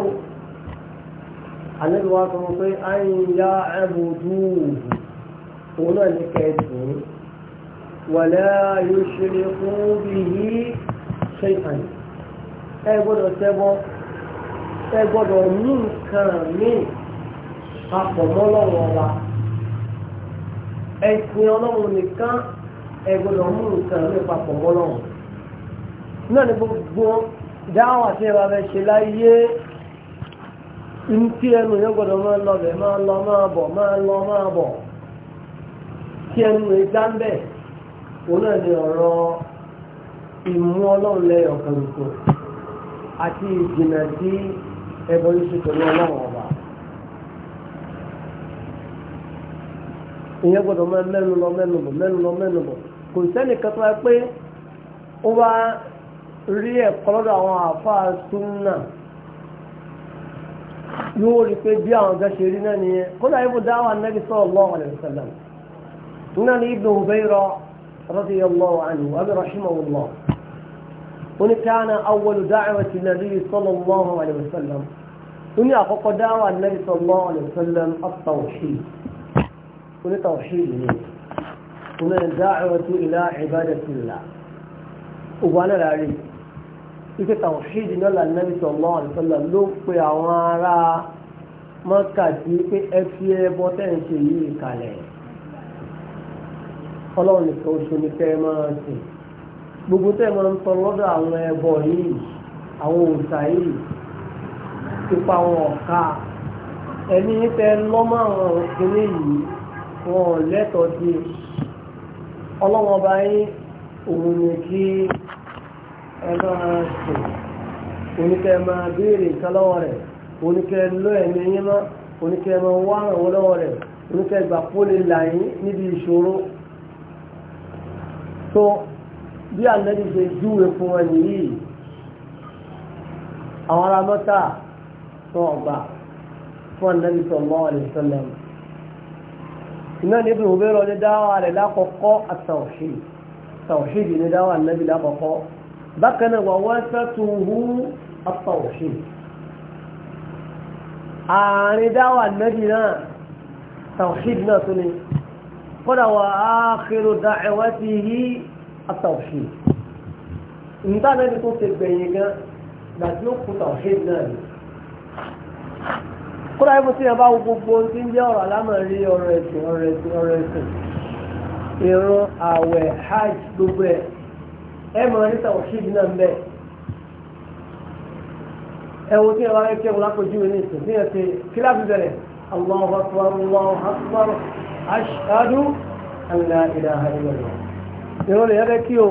àlẹ́lùwà sọ pé a ń yá ẹ̀bùdú òun náà ní kẹsùn wàlẹ́ yóò ṣe lè fún bí i ṣe ìpàdé ẹ gbọ́dọ̀ tẹ́bọ́ ẹ gbọ́dọ̀ ní nǹkan míì papọ̀ mọ́ wa ẹ̀sìn ọlọ́run nìkan ẹ ń tí ẹnu yẹn gbọ́dọ̀ máa lọ bẹ̀ máa lọ máa bọ̀ ma lọ ma ìmú àti ìjìnà sí ẹbọ ìyẹn mẹ́nu lọ mẹ́nu bọ̀ mẹ́nu lọ mẹ́nu bọ̀ kò sẹ́ni pé ó rí ẹ̀kọ́ lọ́dọ̀ àwọn náà. ní wọ́n rí pé bí àwọn gan ṣe rí náà nìyẹn kódà ibù dáwà nẹ́bí sallallahu alaihi wasallam náà ní ibnu Hubayra radiyallahu anhu abi rahimahullah ó ní káàna awwalu da'wati nabiyyi sallallahu alaihi wasallam ó ní àkọ́kọ́ dáwà nẹ́bí sallallahu alaihi wasallam at-tawhid ó ní tawhid ni ó ní da'watu ila ibadatillah wípé tàwọ̀ṣídì náà là nẹ́bí sallallahu alaihi wasallam ló pe àwọn ará mọ́kàdí pé ẹ fi ẹbọ tẹ́yìn ṣe yìí kalẹ̀ ọlọ́run nìkan oṣù ní kẹ́ ẹ máa sìn gbogbo tẹ́ ẹ máa ń tọ lọ́dọ̀ àwọn ẹbọ yìí àwọn òòṣà yìí ipa àwọn ọ̀ka ẹni tẹ lọ́mọ àwọn òkèlè yìí wọn lẹ́tọ̀ọ́ sí ọlọ́wọ́n bá òun ní kí ẹ máa sùn oníkẹ́ máa béèrè nǹkan lọ́wọ́ rẹ̀ oníkẹ́ lọ ẹ̀mí yín mọ́ oníkẹ́ máa wá àwọn lọ́wọ́ rẹ̀ oníkẹ́ ìgbà pólè là yín níbi ìṣòro tó bí ànẹ́bí ṣe júwe fún wọn nìyí àwọn ará mọ́tà fún ọgbà fún ànẹ́bí sallallahu alaihi wasallam iná níbi òbẹ́rọ ní dáwà rẹ̀ lákọ̀ọ́kọ́ àtàwọ̀ṣì tàwọ̀ṣì ní dáwà bákan náà wà wá sátúhú apá òṣìn àárín dáwà nẹ́bí náà tawhid náà tó ní kódà wà áàkìrò dáẹ̀wá ti yí àtàwhid nígbà nẹ́bí tó ti gbẹ̀yìn gan gbàtí ó kú tawhid náà ni kódà ibi tí yẹn gbogbo tí ń jẹ́ ọ̀rọ̀ alámọ̀ ọ̀rọ̀ ẹ̀sìn ọ̀rọ̀ ẹ̀sìn ọ̀rọ̀ ẹ̀sìn ìrún àwẹ̀ hajj gbogbo ẹ̀ ẹ mọ̀ ní tàwọ̀ṣídì náà ń bẹ̀ ẹ̀wọ̀n tí ẹ̀wọ̀n kẹ́ wọn lápò jíwèé ní ìsìn ní ẹ̀sìn kíláàsì bẹ̀rẹ̀ Allahu akbar Allahu akbar ashhadu an la ilaha illallah ìrọ̀ lè yẹ́rẹ́ kí o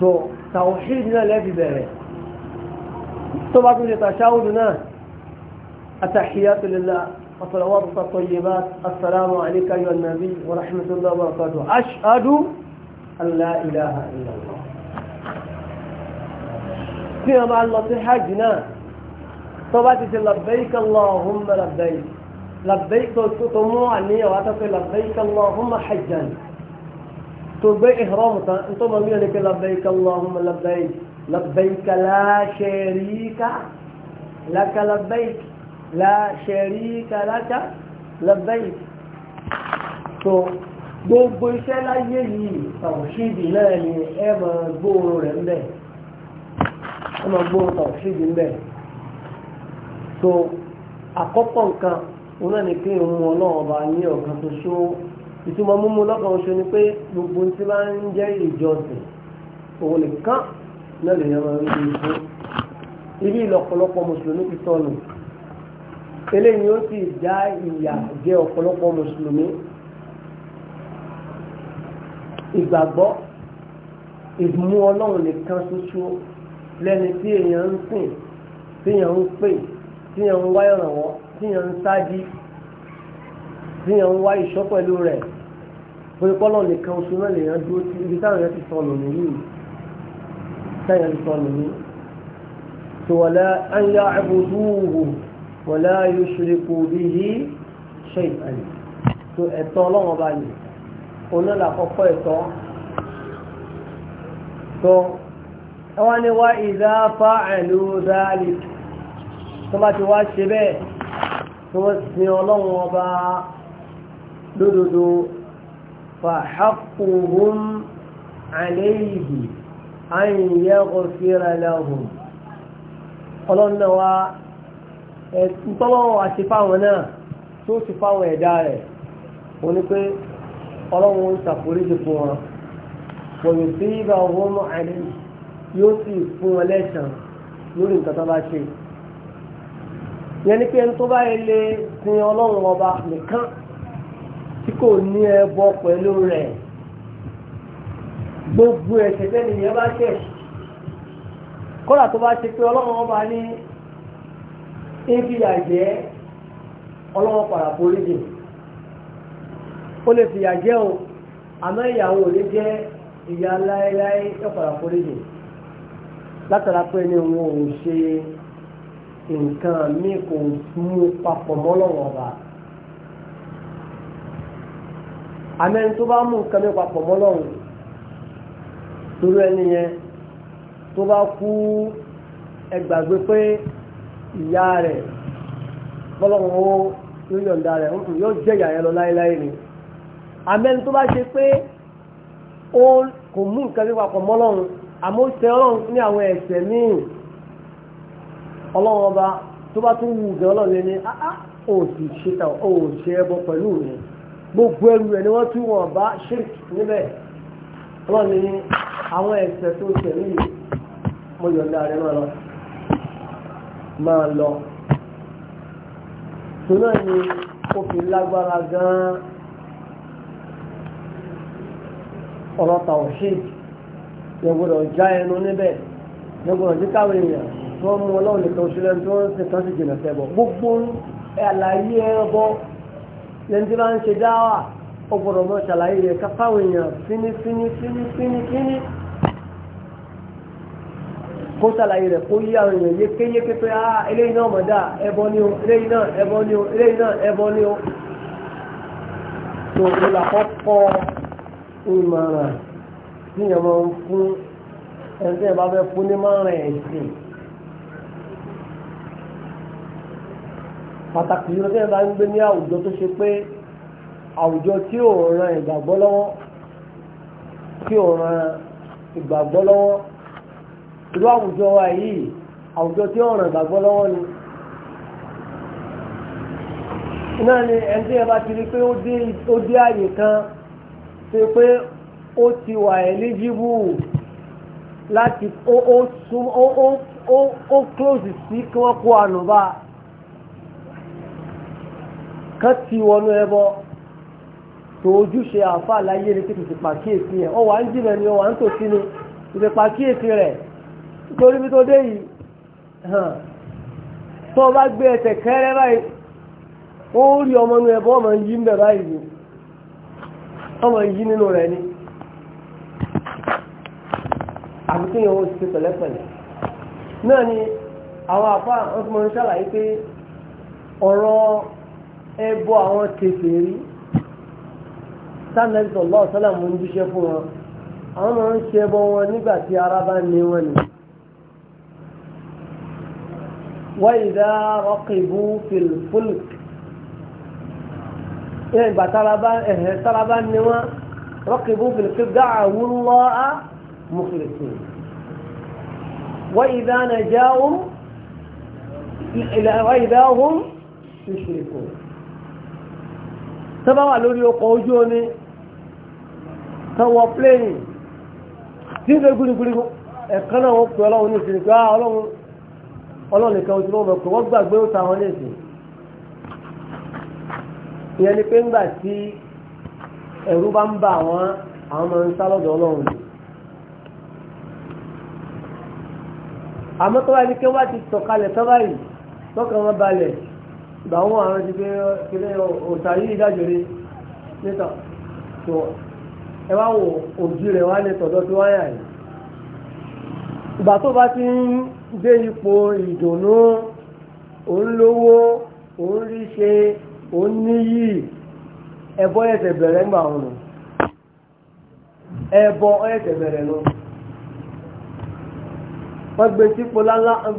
tó tàwọ̀ṣídì náà lẹ́bi bẹ̀rẹ̀ tó bá tún ṣe tàṣáwùdù náà التحيات لله وصلوات الطيبات السلام عليك أيها النبي ورحمة الله وبركاته أشهد an la ilaha illallah tí wọ́n bá lọ sí hajj náà tó bá ti ṣe labbaik allahumma labbaik labbaik tó tó mú àníyàn wá tó fi labbaik allahumma hajjan tó gbé ihram tán n tó mọ bí wọ́n pé labbaik allahumma labbaik labbaik la sharika laka labbaik la sharika laka labbaik gbogbo iṣẹ́ láyé yìí tàwọ̀ṣídì náà ni ẹ máa gbóòrò rẹ̀ ń bẹ̀ ẹ máa gbóòrò tàwọ̀ṣídì ń bẹ̀ so àkọ́kọ́ nǹkan òun náà ni pé òun ọlọ́run ọba ní ọ̀kan tó ṣó ìtumọ̀ mímú lọ́kàn oṣù ni pé gbogbo tí bá ń jẹ́ ìjọsìn òun nìkan náà lè yẹn máa ń gbé iṣẹ́ ibi ìlọ̀pọ̀lọpọ̀ mùsùlùmí ti sọnù eléyìí ó sì dá ìyà jẹ ọ̀pọ̀lọpọ̀ mùsùlùmí ìgbàgbọ́ ìmú ọlọ́run nìkan ṣoṣo lẹ́ni tí èèyàn ń sìn tí èèyàn ń pè tí èèyàn ń wá ìrànwọ́ tí èèyàn ń sáájú tí èèyàn ń wá ìṣọ́ pẹ̀lú rẹ̀ pé kọ́lọ̀ nìkan oṣù náà lèèyàn dúró sí ibi táwọn èèyàn ti sọnù nìyí táwọn èèyàn ti sọnù ní. wala an ya'buduhu wala yushriku bihi shay'an. ẹ̀tọ́ ọlọ́run ọba yìí òun là kọ́kọ́ ẹ̀tọ́ tó ẹwọ́n ni wá ìdá fa'àlú dáàlì tó bá ti wá ṣe bẹ́ẹ̀ tó wọ́n sin ọlọ́run ọba lódodo fàhákùhùn àléyìí àyìnyẹ́ òfìrà lẹ́hùn ọlọ́run náà wá ẹ̀tùtọ́wọ́ tó ti fáwọn ẹ̀dá rẹ̀ òun ni pé ọlọ́run ń ṣàforíjì fún wọn pọ̀lù sí ibà owó mọ́ àìní yóò sì fún wọn lẹ́sàn lórí nǹkan tó bá ṣe yẹn ni pé ẹni tó bá yẹ lé sin ọlọ́run ọba nìkan tí kò ní ẹbọ pẹ̀lú rẹ̀ gbogbo ẹ̀ṣẹ̀ tẹ́ni yẹn bá ṣẹ̀ kọ́là tó bá ṣe pé ọlọ́run ọba ní ìfìyà jẹ́ ọlọ́run padà foríjì ó lè fìyà jẹ́ o àmọ́ ìyàwó rẹ̀ jẹ́ ìyá láéláé ọ̀pọ̀lọpọ̀ foríjì látara pé ní wọn ò ṣe nǹkan míì kò mú papọ̀ mọ́lọ́wọ́ ọba àmẹ́ni tó bá mú nǹkan míì papọ̀ mọ́lọ́wọ́ torí ẹni yẹn tó bá kú ẹgbàgbé pé ìyá rẹ̀ bọ́lọ́wọ́ yóò yọ̀ǹda rẹ̀ yóò jẹ́ ìyá lọ láéláé ni àmẹ́ni tó bá ṣe pé ó kò mú nǹkan bí papọ̀ mọ́ ọlọ́run àmọ́ ṣe ọlọ́run ní àwọn ẹ̀ṣẹ̀ míì ọlọ́run ọba tó bá tún wù gẹ́ ọlọ́run lẹ́ni ah, ah, ó sì ṣe tà ó ṣe ẹbọ pẹ̀lú rẹ̀ gbogbo ẹrù rẹ̀ ni wọ́n tún wọ̀n bá ṣírìkì níbẹ̀ ọlọ́run ní àwọn ẹ̀ṣẹ̀ tó ṣẹ̀ níbi mo yọ̀ǹda rẹ̀ máa lọ máa lọ tó náà ni ó fi lágbára gan-an. ọ̀rọ̀ tàwọ̀ṣìd yẹn gbọ́dọ̀ já ẹnu níbẹ̀ yẹn gbọ́dọ̀ jí káwọn èèyàn tí wọ́n mú ọlọ́run nìkan oṣù lẹ́nu tí wọ́n ń ṣètọ́ sí jìnnà sẹ́bọ̀ gbogbo àlàyé ẹbọ yẹn tí wọ́n ń ṣe dáwà ó gbọ́dọ̀ mọ́ ṣàlàyé yẹn káfáwọn èèyàn fíní fíní fíní fíní fíní kó ṣàlàyé rẹ̀ kó yí àwọn èèyàn yékéyéké pé ah eléyìí náà mọ̀ dáa ẹbọ ni o eléyìí náà ẹbọ ni o eléyìí náà ẹbọ ni o ìmọ̀ràn tí yẹn máa ń fún ẹni tí yẹn bá fẹ́ fún ní márùn ẹ̀sìn pàtàkì yìí lọ́sẹ̀ bá ń gbé ní àwùjọ tó ṣe pé àwùjọ tí ò ran ìgbàgbọ́ lọ́wọ́ tí ò ran ìgbàgbọ́ lọ́wọ́ irú àwùjọ wa yìí àwùjọ tí ò ran ìgbàgbọ́ lọ́wọ́ ni náà ni ẹni tí yẹn bá ti rí pé ó dé àyè kan tó yẹ pé ó ti wà eligible láti ó ó sún ó ó ó ó close sí kí wọ́n kó àná bá kán ti wọnú ẹbọ tó ojúṣe àfa láyé ni kí tètè pàkíyèsí yẹn ọwà ń jìnà ni ọwà ń tòsí ni tètè pàkíyèsí rẹ̀ nítorí bí tó dé yìí tó bá gbé ẹsẹ̀ kẹ́rẹ́ báyìí ó rí ọmọ inú ẹbọ ọmọ yìí ń bẹ̀ báyìí ọmọ yìí nínú rẹ̀ ni àbí kí yẹn wọ́n ti pẹ̀lẹ́pẹ̀lẹ́ náà ni àwọn àfa ọtún mọ̀ ń ṣàlàyé pé ọ̀rọ̀ ẹbọ àwọn kèfèrí sanabi sallallahu alaihi wasallam ń jíṣẹ́ fún wọn àwọn máa ń ṣe ẹbọ wọn nígbà tí ara bá ní wọn ni wa idha raqibu fil fulk ìgbà tálábà ni wọ́n rọ́kìbù fìlìkì da'awu Allaha mukhlisin wa idha najahum wa idha hum yushrikun tọ́bá wà lórí ọkọ̀ ojú omi tọ́wọ́ pléènì tí ìgbé gúrigúrí ẹ̀kan náà wọ́n pè ọlọ́run ní ìsìnkú ah, ọlọ́run nìkan ojú lọ́wọ́ mẹ́kọ̀ọ́ gbàgbé ó ta wọn ní ìsìnkú ìyẹn ni pé ńgbà tí ẹ̀rú bá ń bá àwọn àwọn máa ń sá lọ́dọ̀ ọlọ́run lò àmọ́ tó wáyé ni pé wá ti sọ̀kalẹ̀ tọ́ báyìí tọ́kàn wọn balẹ̀ ìgbà wọn àwọn ti pé kílé ọ̀tà yìí dájọ́ rí níta tó ẹ wá wo òbí rẹ̀ wá ní tọ̀dọ̀ tó wáyà yìí ìgbà tó bá ti ń dé ipò ìdùnnú òun lówó òun rí ṣe òun ní yìí ẹbọ ẹsẹ̀ bẹ̀rẹ̀ ńgbà wọn ẹbọ ẹsẹ̀ bẹ̀rẹ̀ nù wọ́n gbé sípò lánlá ẹbọ agba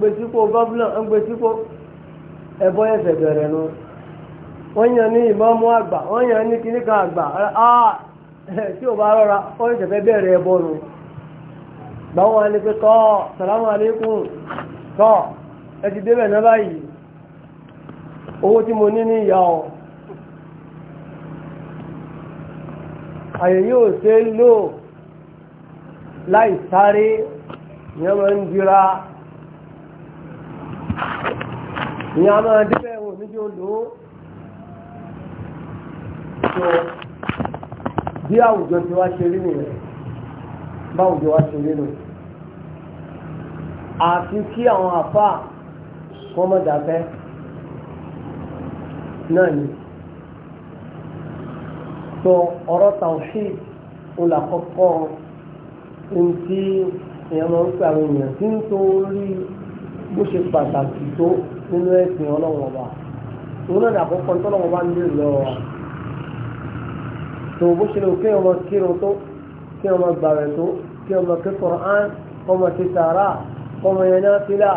agba tí ò bá rọra ó tẹ̀fẹ́ ẹbọ nù báwọn ni pé tọ́ sàlámù owó tí mo ní ní ìyá ọ àyè yóò ṣe lò láì sáré ìyẹn máa ń dira ìyẹn a máa débẹ̀ wò níbi olò tó bí àwùjọ tí wá ṣe rí nìyẹn báwùjọ wá ṣe rí nù àfi kí àwọn àfà kọ́ náà so sọ ọ̀rọ̀ tawhid olàkọ́kọ́ ohun tí èèyàn máa ń pè àwọn èèyàn tí ń tó rí bó ṣe pàtàkì tó nínú ẹ̀sìn ọlọ́wọ́n ọba òun náà dàkọ́kọ́ tọ́lọ́wọ́n ọba ń lè lọ́wọ́ wa tó bó ṣe lè kí ọmọ kírun tó kí ọmọ gbàrẹ̀ tó kí ọmọ kí Kùránì ọmọ ti sàárà ọmọ yẹn náà fílà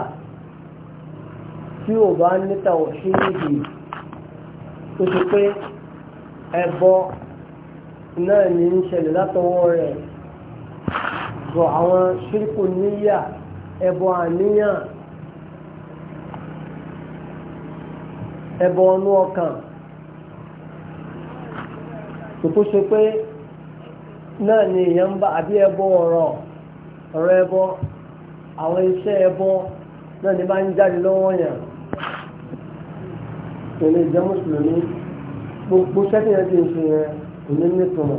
tí ò bá ní tàwọn ṣíríìdì tó pé ẹbọ náà ní í ṣẹlẹ̀ látọwọ́ rẹ̀ sọ àwọn níyà ẹbọ àníyàn ẹbọ ọnú ọkàn tó ṣe pé náà ni èèyàn ń bá àbí ẹbọ ọ̀rọ̀ ọ̀rọ̀ ẹbọ àwọn iṣẹ́ ẹbọ náà ni bá ń jáde ẹni jẹ́ mùsùlùmí gbogbo sẹ́tì yẹn ti ń ṣe yẹn kò ní ní tọ̀nà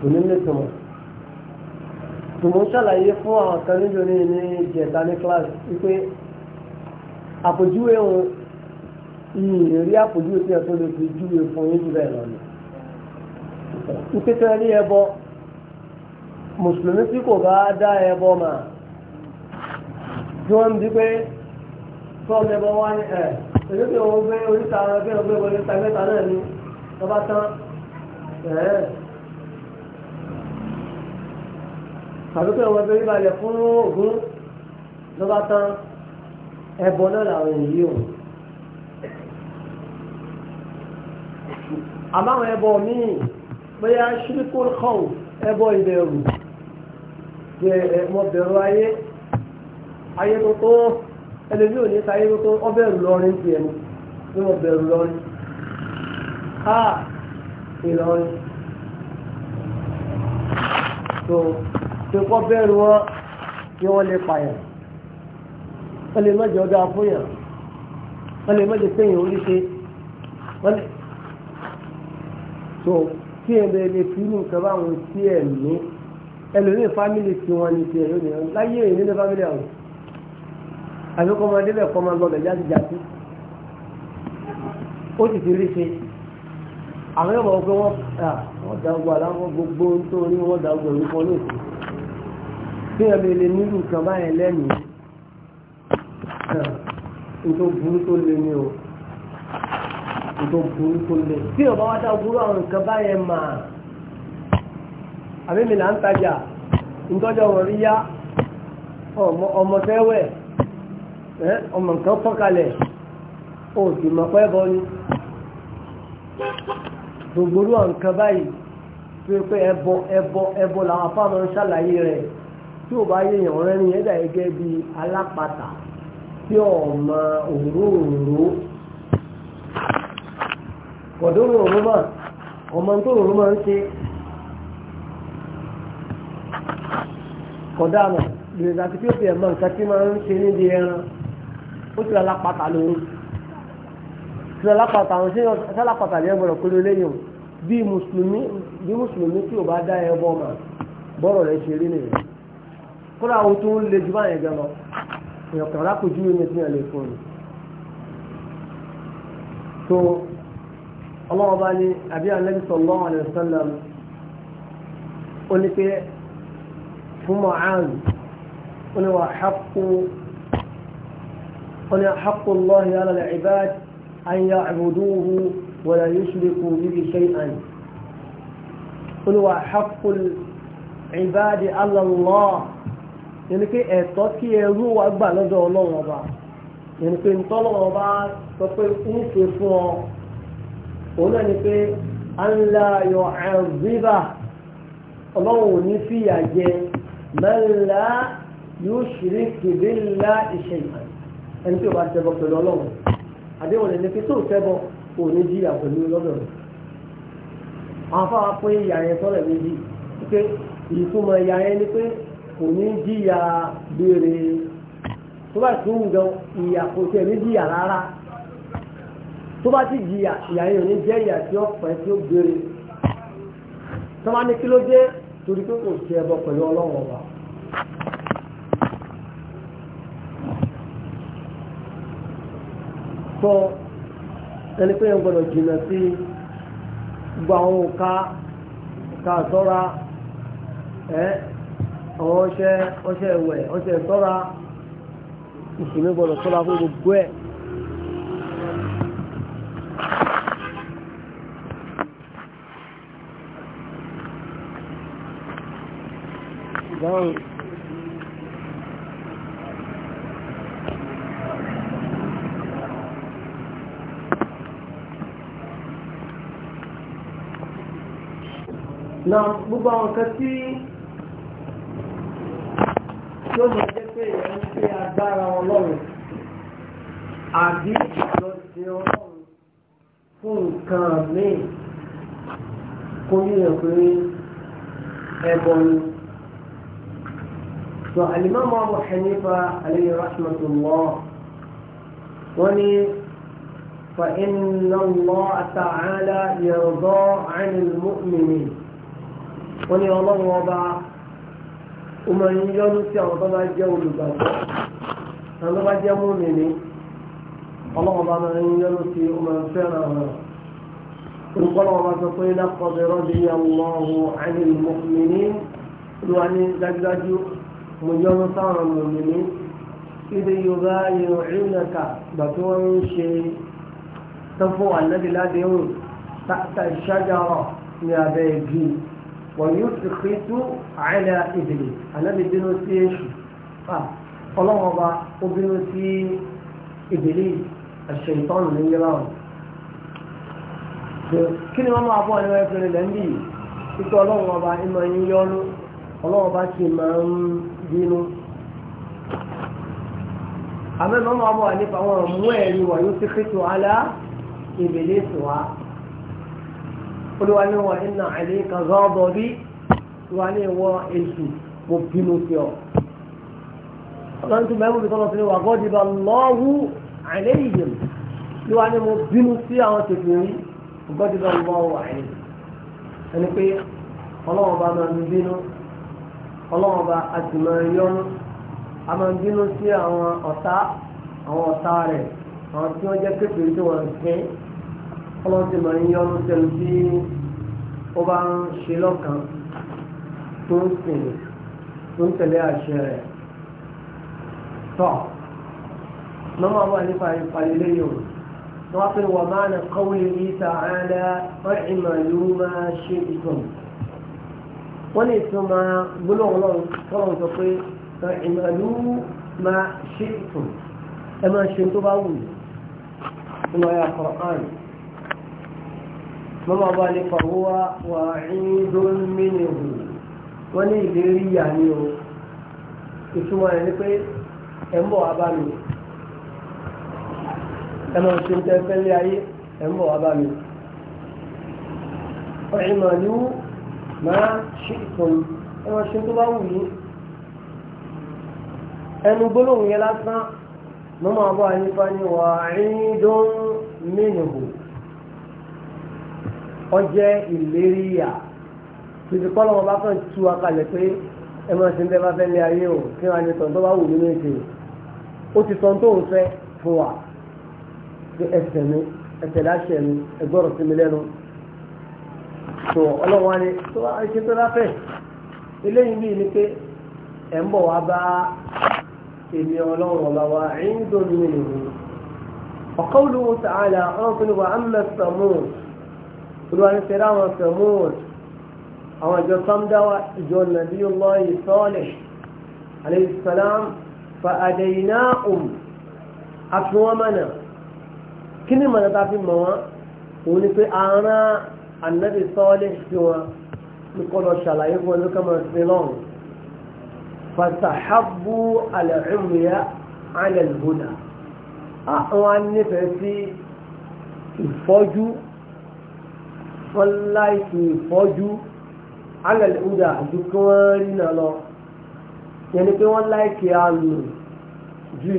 kò ní ní tọ̀nà tòun ṣàlàyé fún àwọn kan níbi oní ní ìjẹta ní kíláàsì wípé àpèjúwe òun ìrírí àpèjúwe tí yẹn tó lè fi júwe fún yín jù bẹ́ẹ̀ lọ ni ìpètè rí ẹbọ mùsùlùmí tí kò bá dá ẹbọ mà tí ń bí pé fọ́ọ̀dẹ̀ bọ́ wá ní ẹ̀ pẹ̀lúpẹ̀ òun gbé oríta ọgbẹ́ ọgbẹ́ wọlé ta mẹ́ta náà ni ọba tán ẹ̀ pàdúpẹ̀ òun ẹgbẹ́ ìbàlẹ̀ fún ògún lọ́ba tán ẹbọ náà làwọn èyí o àbáwọn ẹbọ míì bóyá ṣíríkùn kọ́ọ̀ ẹbọ ìbẹ̀rù ẹ̀ ẹ̀ mọ̀ bẹ̀rù ayé ayé tó tó ẹlòmí ò ní sáyé tó ọbẹ̀rù lọ́rin tiẹ̀ ni ní wọ́n bẹ̀rù lọ́rin ha ìlọrin tó tó kọ́ bẹ̀rù wọn ni wọ́n lè pààyàn wọ́n lè mọ́jọ ọdọ afúnyàn wọ́n lè mọ́jọ sẹ́yìn oríṣẹ́ wọ́n lè tó tí ẹ̀ bẹ̀rẹ̀ lè fi nǹkan báwọn tí ẹ̀ ní ẹlòmí fámìlì tí wọ́n ní tiẹ̀ lónìí láyé èyí nínú fámìlì àwọn àbí kọ́ máa débẹ̀ kọ́ máa lọ bẹ̀ jáde jáde ó sì ti rí ṣe àwọn yóò mọ̀ pé wọ́n wọ́n da ogun àláwọ̀ gbogbo tó ní wọ́n da ogun ìrúkọ lóòtù tí ẹ̀mí lè nílù kan báyẹn lẹ́nu tó burú tó lé ní o tó burú tó lé tí ọba wá dá burú àwọn nǹkan báyẹn mà àbí mi là ń tajà ntọ́jà wọn rí yá ọmọ fẹ́wẹ̀ẹ́. ọmọ nǹkan fọ́kalẹ̀ ó sì mọ̀ pẹ́ bọ́ ni gbogbo àwọn nǹkan báyìí pé pé ẹbọ ẹbọ ẹbọ làwọn afáàmọ́ ń ṣàlàyé rẹ̀ tí ò bá yéèyàn rẹ́ ní ẹ̀dà gẹ́gẹ́ bí alápatà tí ọ̀mọ kọ̀dọ́rọ̀ ọmọ tó ń ṣe àmọ̀ tí ó fi ẹ̀mọ nǹkan tí máa ń ṣe ẹran. ó ti lálápàtà lóhun ti lálápàtà àwọn sálápàtà ní ẹgbọ̀rọ̀ kúrò lẹ́yìn bí mùsùlùmí bí mùsùlùmí tí ò bá dá ẹbọ mà bọ́rọ̀ rẹ̀ ṣe rí nìyẹn kódà ohun tó ń le jù báyẹn gan lọ èèyàn kan lákòójú mi ti hàn lè fún mi. tó ọlọ́wọ́ bá ní àbí Ànábì sallallahu alaihi wasallam ó ní pé fún mọ̀ áàrùn ó ní wà á kó قل حق الله على العباد أن يعبدوه ولا يشركوا به شيئا قل وحق العباد على الله yẹni pé ẹ̀tọ́ kí ẹrú wa gbà lọ́dọ̀ ọlọ́run ọba yẹni pé ntọ́lọ́run ọba sọ pé ń ṣe fún ọ òun náà ni pé anla yọ àríbà ọlọ́run ò ní fìyà jẹ mẹ́la yóò ṣeré kébé ńlá ìṣẹ̀yìn ẹni tí o bá ṣẹbọ pẹ̀lú ọlọ́run àdéhùn rẹ̀ ní fi tó ṣẹbọ kò ní jíyà pẹ̀lú lọ́dọ̀ rẹ̀ àwọn afáwa pé ìyá yẹn sọ́rọ̀ méjì pé ìtumọ̀ ìyá yẹn ni pé kò ní jíyà béèrè tó bá tún ń gan ìyà kò tẹ̀ ní jíyà rárá tó bá ti jìyà ìyà yẹn ò ní jẹ́ ìyà tí ó pẹ́ tí ó béèrè tó ní kí ló dé torí pé kò ṣẹbọ pẹ̀lú ọlọ́run ọba tọ́ ẹni pé yẹn jìnà sí gbogbo àwọn òka òka sọ́ra ẹ́ àwọn ọṣẹ ọṣẹ ẹ̀wẹ̀ sọ́ra na gbogbo àwọn nǹkan tí yóò mọ̀ jẹ́ pé èèyàn ń pé agbára ọlọ́run àbí ìjọsìn ọlọ́run fún nǹkan míì kó yíyan pé ẹbọ ni. sọ alimami Abu Hanifa alayhi rahmatullah wọ́n ní فإن الله تعالى يرضى عن المؤمنين wọ́n ní ọlọ́run ọba ó máa ń yọ́nú sí àwọn tó bá jẹ́ olùgbàgbọ́ àwọn tó bá jẹ́ múnìní ọlọ́run ọba máa ń yọ́nú sí ó máa ń fẹ́ràn àwọn olùkọ́lọ́ ọba sọ pé lápọ̀dé rọ́dí ọlọ́run àní mọ̀mìnì olúwa ní dájúdájú mo yọ́nú sáwọn mọ̀mìnì ìdí yorùbá yóò rí nàkà gbàtí wọ́n ń ṣe tán fún ànábìládéhùn tàṣájà ní abẹ́ igi. ويسخط عَلَى إبليس أنا ببنو سيش آه الله أبا أبنو سي إبليس الشيطان من يلان kí ni wọ́n máa bọ́ ẹ̀rọ ẹ̀fẹ́ rẹ̀ lẹ́mbì títọ́ ọlọ́run ọba ìmọ̀ yín yọ́nú ọlọ́run ọba ti máa ń bínú àmẹ́mọ́ máa bọ́ ànípa àwọn ọ̀mú olúwa ní wọn iná àìlè kan zọ́ọ̀bọ̀ bí olúwa ní ìwọ èṣù mo bínú sí ọ ọlọ́run tó mẹ́mú mi tọ́lọ́ sí ni wà gọ́dì bá lọ́wọ́ àìlè yìí olúwa ní mo bínú sí àwọn tètè rí gọ́dì bá lọ́wọ́ àìlè ẹni pé ọlọ́wọ́ bá máa ń bínú ọlọ́wọ́ bá a sì máa ń yọnu a máa ń bínú sí àwọn ọ̀tá àwọn ọ̀tá rẹ̀ àwọn tí wọ́n jẹ́ kékeré tí wọ́n ń sìn ọlọ́run ti máa ń yọ ọdún sẹ́nu tí ó bá ń ṣe lọ́kàn tó ń sìn tó ń tẹ̀lé àṣẹ rẹ̀ tọ́ mọ́mọ́ àwọn àlefa ìpàdé lẹ́yìn òun wọ́n pe wọ́n máa nà kọ́wé ìta àádá wọ́n ìmọ̀ ló máa ṣe ìtàn wọ́n lè tún máa gbólóhùn lọ́run tọ́lọ́run sọ pé wọ́n ìmọ̀ ló máa ṣe ìtàn ẹ máa ṣe tó bá wù ní ọ̀yà kọ̀ọ̀kan mọ́mọ́ bá ní fàwọ́wá wà ìdún mínìhù wọ́n ní ìlérí yà ní o ìtumọ̀ rẹ̀ ni pé ẹ̀ ń bọ̀ wá bá mi ẹ̀ mọ̀ ṣe ń tẹ́ fẹ́lẹ́ ayé ẹ̀ ń bọ̀ wá bá wú máa ṣe ìtọ́nu ẹ̀ ṣe tó bá wù yín ẹnu gbólóhùn yẹn lásán mọ́mọ́ bá ní fà ní wà ìdún mínìhù ọjẹ́ ìlérí yà tòtí kọ́lọ́ wọn bá kàn tú wa kalẹ̀ pé ẹ máa ṣe ń bẹ́ bá fẹ́ lé ayé o kí wọ́n á ní tọ̀ntọ́ bá wù nínú ètè ó ti tọ́ tó ń fẹ́ fún wa pé ẹsẹ̀ mi ẹsẹ̀ láṣẹ mi ẹgbọ́rọ̀ sí mi lẹ́nu tó ọlọ́wọ́n ni tó wá ṣe tó ráfẹ́ eléyìí bíi ni pé ẹ̀ ń bọ̀ wá bá èmi ọlọ́run ọba wa ẹ̀yìn tó ní ìlú ọ̀kọ́ olówó tààlà ọ̀rọ̀ tó ní wa á mẹ́sàn-án olùwàníṣẹ́rẹ́ àwọn samud àwọn ìjọ samdawa ìjọ nabiyullahi salih alayhi salam fa'adaynahum àfi wọ́n mọ̀nà kí ni mọ̀nà tá fi mọ̀ wọ́n òun ni pé àárán ànábì salih sí wọn ní kọ́ lọ ṣàlàyé fún ọdún kọ́mọ̀ sí lọ́rùn fasahabu alẹ́rìnmìyà alẹ́lùbọ́dà àwọn anífẹ̀ẹ́ sí ìfọ́jú sọ́láìtì ìfọ́jú alẹ́lẹ́ ìdá ju kí wọ́n rí na lọ yẹn pé wọ́n láìkì àlù ju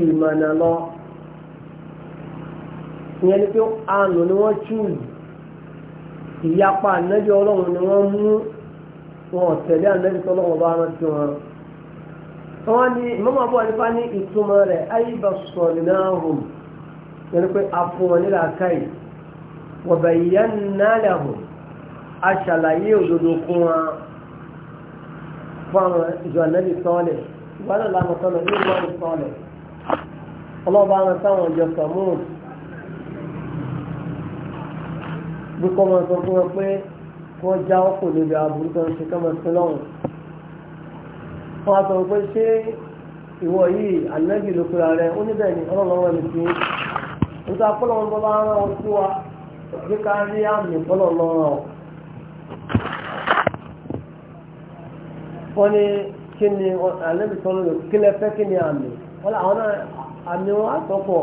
lọ ni pé àlù ni wọ́n chúùlù ìyapa ànábì ọlọ́run ni wọ́n mú wọn tẹ̀lé ànábì tọ́lọ́run bá rán sí wọn. wọ́n ní ìmọ̀mọ́ àbúrò nípa ní ìtumọ̀ rẹ̀ ayíba sọ̀rọ̀ náà hùm yẹn pé wọn nílà a ṣàlàyé òdodo fún wa fún àwọn ìjọ ànábì sọ́ọ̀lẹ̀ ìgbàlọ́ làwọn sọ́ọ̀lẹ̀ ní ìwọ́n sọ́ọ̀lẹ̀ ọlọ́ba àwọn táwọn ìjọ sọ̀mùn bí kò máa sọ fún wọn pé kí wọ́n já ọkọ̀ níbi àbúrú kan ṣe ká máa sin lọ́hùn wọ́n á sọ pé ṣé ìwọ yìí ànábì ló pera rẹ ó níbẹ̀ ni ọlọ́lọ́wọ́ ni fi ń ta fọlọ́wọ́n bọ́ bá rán wọn sí wa bí ká rí àmì fọlọ́lọ́rọ̀ wọ́n ní kí ni àlẹ́bí sọ́nù lò kí lẹ fẹ́ kí ni àmì wọ́n lọ àwọn àmì wọn àtọ́pọ̀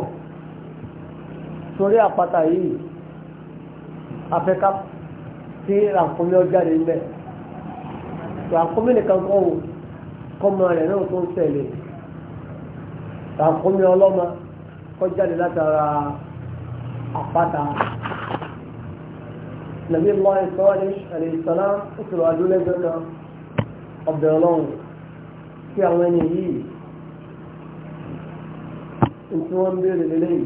torí àpáta yìí afẹ́ká tí ràkúnmí ọjà rẹ̀ ń bẹ̀ ràkúnmí nìkan kọ́ wò kọ́mọ rẹ̀ náà tó ń tẹ̀lé ràkúnmí ọlọ́mọ kọjá lè látara àpáta nàbí lọ́ọ̀ ìsọ́ọ́lẹ̀ àlè ìsọ́lá ó sì wà lólẹ́gbẹ̀ẹ́ náà ọbẹ̀ ọlọ́run kí àwọn ẹni yìí tí wọ́n ń béèrè lélẹ́yìí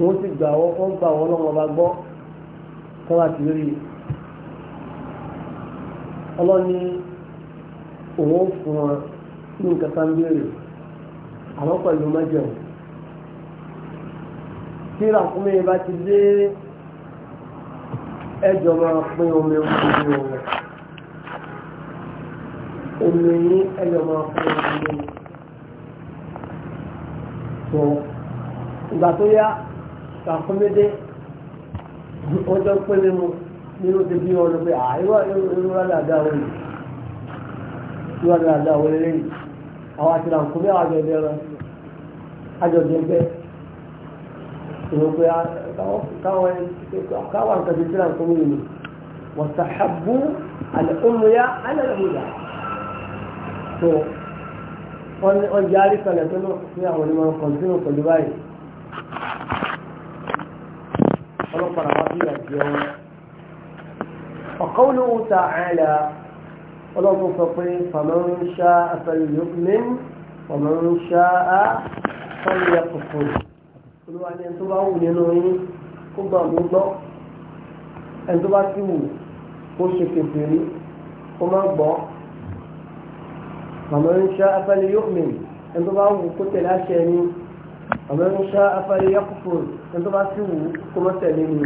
wọ́n ti gbà wọ́n wọ́n gbà wọ́n lọ́wọ́ ọba gbọ́ kọ́ láti rí ọlọ́ni òun fún wọn ní nǹkan tá ń béèrè pẹ̀lú mẹ́jẹ̀wò tí ràkúnmí bá ti dé ẹjọ́ máa pín omi omi omi omi omi ní ẹyọ máa fún wọn ní tó ìgbà tó yá kàkúnmédé ó jọ pélé mu nínú ti bí wọn ló pé àìwá ìrora dáadáa wọn yìí ìrora dáadáa wọn lélẹ́yìn àwọn àti làǹkúmí àwọn àjọ̀dẹ̀ rẹ àjọ̀dẹ̀ bẹ́ẹ̀ ìrògbé káwọn nǹkan ti tí làǹkúmí yìí wọ́n sàḥàbù àlẹ́ òmùyá àlẹ́ òmùyá tó wọ́n jẹ́ àríkànlẹ̀ tó náà fún àwọn onímọ̀ kọ̀ǹtínú pẹ̀lú báyìí ọlọ́pàá àwọn bí àjẹ́ wọn ọ̀kọ́ olówó ta àìlà ọlọ́pàá sọ pé fàmọ́rún ṣá àfẹ́lẹ̀ yókùnlẹ́n fàmọ́rún olúwa ni ẹni tó bá wù nínú yín kó gbà فمن شاء فليؤمن ẹni tó bá wù kó tẹ̀lé àṣẹ ni ọmọ ẹni ṣá afárí yàkùfò ẹni tó bá sì wù kó mọ́ tẹ̀lé ni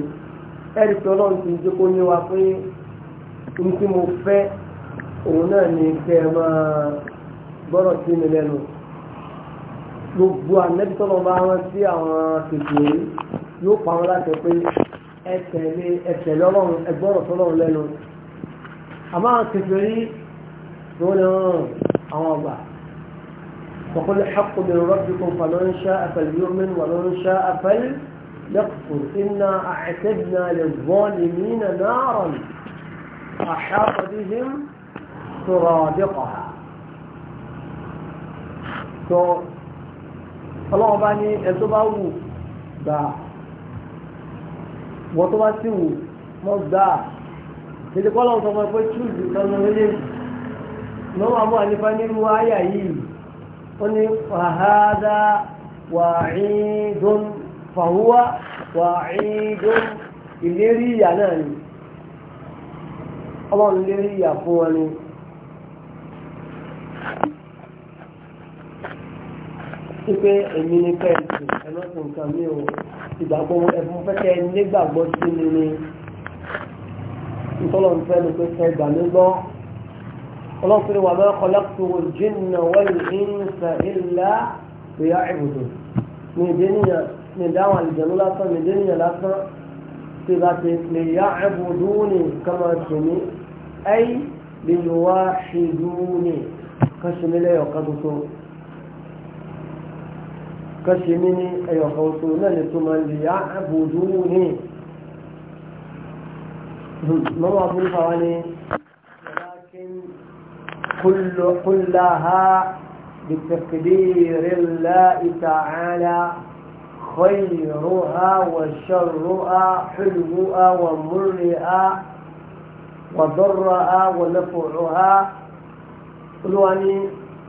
ẹ̀rí pé ọlọ́run ti jẹ́ kó ní wa pé n tí mo fẹ́ òun náà ni kẹ́ ẹ máa gbogbo ànẹ́bí tọ́lọ́ bá wọn sí àwọn kékeré yóò pa wọn láti pé ẹ tẹ̀lé ẹ tẹ̀lé ọlọ́run ẹ gbọ́dọ̀ tọ́lọ́run lẹ́nu àmọ́ wọn ni wọn àwọn ọba وقل الحق من ربكم فمن شاء فليؤمن ومن شاء فليكفر إنا أعتدنا للظالمين نارا أحاط بهم so ọlọ́run bá ní ẹni tó bá wù gbà wọ́n tó bá sì wù mọ́ gbà tètè kọ́ ọlọ́run sọ pé túùsì kan lọ lélẹ́yìn lọ́wọ́ àbọ̀ ànífà nínú àyà yìí wọ́n ní fàhádà wàáìdùn fàhúwà wàáìdùn ìlérí ìyà naanị. ni ọlọ́run lérí ni ìgbàgbọ́ ẹ̀fún fẹ́kẹ́ ni fẹ́ ọlọ́run pé wàmẹ́ kọlẹ́kùtù jìnnà wọ́n ìrìnsà ìlà ìyá ìbùdó ní ìdẹ́niyàn ní ìdáhùn àlìjẹ̀nú lásán ní ìdẹ́niyàn lásán tí bá ti lè yá ìbùdó ní kama tèmi ẹ́yí lè wá ṣèlú ní kásìmí lẹ́yọ̀ kan tuntun kásìmí ní ẹ̀yọ̀ kan tuntun náà lè tó máa lè yá ìbùdó ní. mọ́mọ́ abúlé fáwọn ni. كل كلها بتقدير الله تعالى خيرها وشرها حلوها ومرها وضرها ونفعها قلوا أني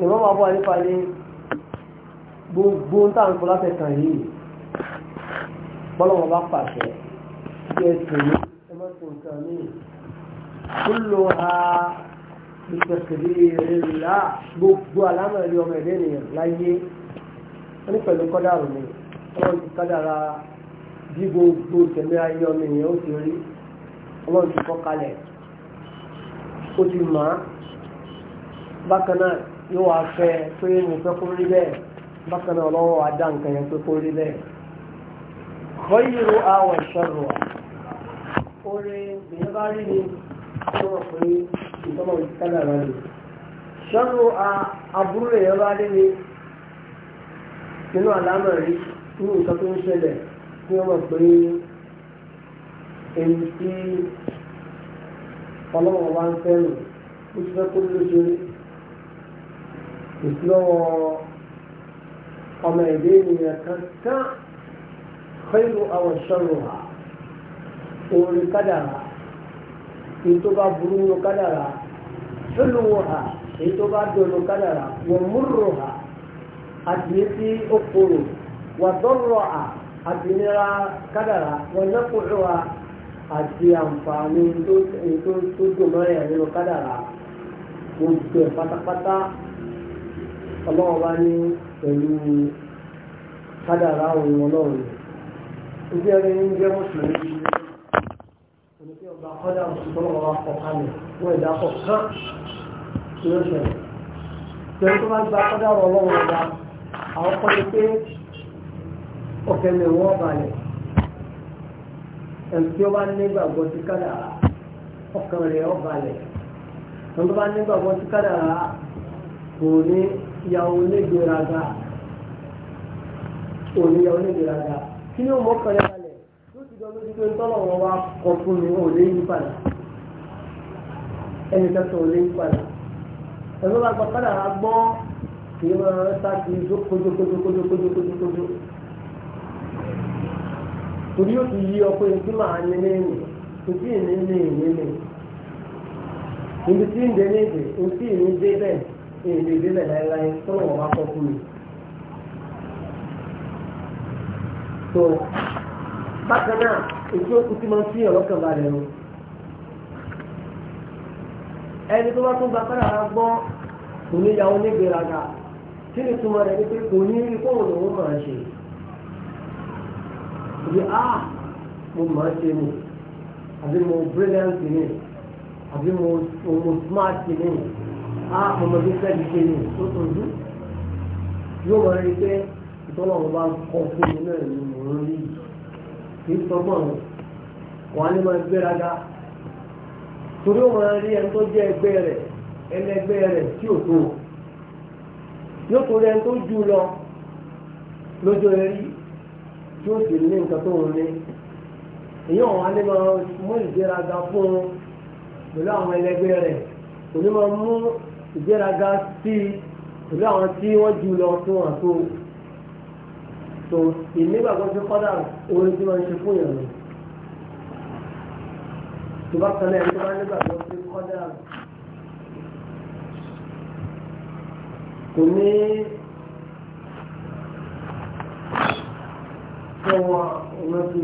إمام أبو حنيفة أني gbogbo ń tàn fún látẹ̀kàn yìí bọ́lọ̀wọ̀ bá pàṣẹ kí ẹ tèmi ìtẹ̀kìlélá gbogbo alámọ̀rí ọmọ ẹ̀dẹ́ ènìyàn láyé wọ́n pẹ̀lú kọ́dàrú ni ọlọ́run ti kádàrá bí gbogbo tẹ̀mí ayé ọmọ ènìyàn ó ti rí ọlọ́run ti kọ́ kalẹ̀ ó ti mọ̀ á bákan náà yóò wá fẹ́ pé mo fẹ́ kó rí bẹ́ẹ̀ bákan náà ọlọ́run wá dá nǹkan yẹn pé kó rí bẹ́ẹ̀. khayru aw sharru orin ìyẹn bá rí ni wọ́n pè ìtọ́lọ̀ kádàrá ni ṣọ́nù aburú rẹ̀ yọba dé ni nínú àlámà rí nínú nǹkan tó ń ṣẹlẹ̀ kí wọ́n mọ̀ pé èyí tí ọlọ́wọ́ wa ń fẹ́ràn ó ti fẹ́ kó ló ṣe kò sí lọ́wọ́ ọmọ ẹ̀dẹ́ ènìyàn kankan khairu aw sharruha orin kádàrá èyí tó bá burú nínú kádàrà fúlùwò hà èyí tó bá dùn nínú kádàrà wọ́n múrò hà àti èyí tí ó korò wà dọ́rọ̀ hà àti nira kádàrà wọ́n nẹ́kùrù hà àti àǹfààní tó dùn mọ́rẹ̀ nínú kádàrà gbogbo ẹ̀ pátápátá ọlọ́run ní pẹ̀lú kádàrà òun ọlọ́run. Ibi ẹni ń jẹ́ mọ́sùlùmí gba kọ́dà ìṣòro wa kọ̀ kalẹ̀ wọ́n ìdá kọ̀ kán tí ó ṣẹlẹ̀ tẹ̀lé tó bá gba kọ́dà ọlọ́run ọba àwọn kọ́ ni pé ọ̀kẹ́lẹ̀ wọ́n balẹ̀ ẹni tí ó bá nígbàgbọ́ sí kádàrá ọkàn rẹ̀ ó balẹ̀ ẹni tó bá nígbàgbọ́ sí kádàrá kò ní ìyàwó nígbèraga kò jọ lójú pé tọ́lọ̀ wọn wá kọ fún mi wọn ò lè yí padà ẹnì kẹsàn-án ò lè yí padà ẹ̀rọ bá gbọ́ padà wá gbọ́ kì í máa rẹ́ta kì í kójókójókójókójókójókójó torí ó ti yí ọkọ yẹn tí màá ní ní ìlú kò tí ì ní ní ìlú ní ibi tí ń dé ní ìdè ń tí ì bákan náà èyí ó kú tí máa ń fi ọ̀rọ̀ kan balẹ̀ o ẹni tó bá tún gba kára ara gbọ́ kò ní yàwó nígbèraga kí ni túmọ̀ rẹ̀ ni pé kò ní rí kóhùn lòún máa ṣe ìdí a ah, mo máa ṣe ni àbí mo brilliant ni àbí mo mo smart ni a ah, mo mọ bí fẹ́ẹ́ ṣe ni tó tó dùn yóò máa rí pé ìtọ́lọ́run bá kọ́ fún mi náà ni mò ń rí yìí kì í sọgbọ́n rẹ̀ wọ́n á ní máa gbéraga torí ó máa rí ẹni tó jẹ́ ẹgbẹ́ rẹ̀ ẹlẹgbẹ́ rẹ̀ tí ò tó yóò tó rẹ̀ tó jù lọ lójó ẹrí tí ó sì ní nǹkan tó ń ní èyàn wà ní máa mú ìgbéraga fún un pẹ̀lú àwọn ẹlẹgbẹ́ rẹ̀ kò ní máa mú ìgbéraga sí pẹ̀lú àwọn tí wọ́n jù lọ tó hàn tó tó ìnígbàgbọ́ sí kọ́dà orin tí wọ́n ń ṣe fún yàn lọ. tó bá kan náà ẹni tó bá nígbàgbọ́ sí kọ́dà kò ní sọ́wọ́ ọmọ tí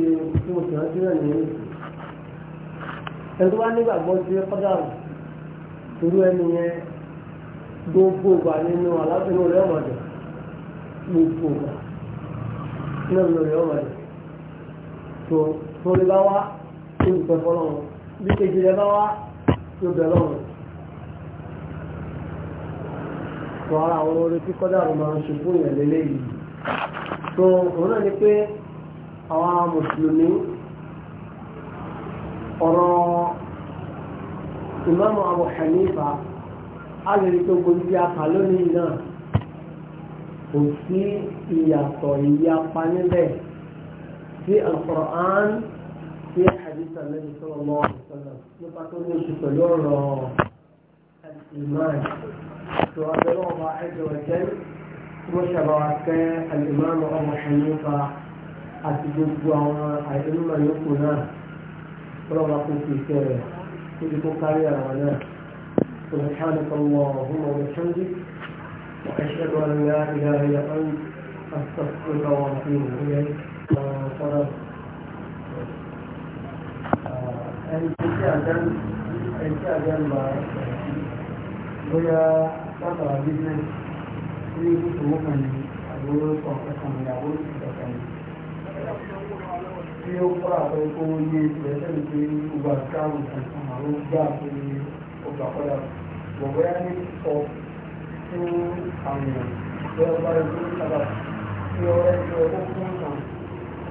mo sì rántí náà ní ẹni tó bá nígbàgbọ́ sí kọ́dà irú ẹni yẹn gbogbo ìgbà nínú alábìnrin rẹ̀ ọ̀mọ̀dọ̀ gbogbo ìgbà náà lórí ọmọ rẹ̀ tó torí bá wá olùkọ́ fọlọ́run bí kejì rẹ̀ bá wá tó bẹ̀ lọ́run tó ara àwọn orí tí rẹ̀ máa ń ṣe fún ìyẹn lélẹ́ yìí tó òun náà ni pé àwọn mùsùlùmí ọ̀rọ̀ ìmáàmù Abu Hanifa a lè rí tó gbòdì bí a náà kò sí ìyàtọ̀ ìyapa níbẹ̀ sí al-Qur'an sí hadith Ànábì sallallahu alaihi wasallam nípa tó ní oṣù pẹ̀lú ọ̀rọ̀ al-iman tó abẹ́rẹ́ ọba ẹ̀jọ̀ ẹ̀jẹ̀ wọ́n ṣàbà wá kẹ́ al-imam Abu Hanifa àti gbogbo àwọn àìdánimọ̀ yòókù náà ọlọ́ba kò fi ìfẹ́ rẹ̀ kó ti kó kárí àwọn náà سبحانك اللهم وبحمدك وأشهد أن لا إله إلا أنت أستغفرك وأتوب إليك وأنصرك ẹ̀kí àjẹ́mbà bóyá látara business ní ìgbésòwò kan ní àgbóró kọ̀ọ̀kan ní àgbóró ìjọba ní tí ó kọ́ àpẹẹrẹ kó ní ìpẹ́sẹ̀lú pé gbogbo àti káàbù kan àwọn gbà pé ó gbà padà bọ̀bọ́yá ní ọ̀pọ̀ fún àwọn èèyàn pé ọba ìlú sábà tí ọ̀rẹ́ tí ọkọ fún ìtàn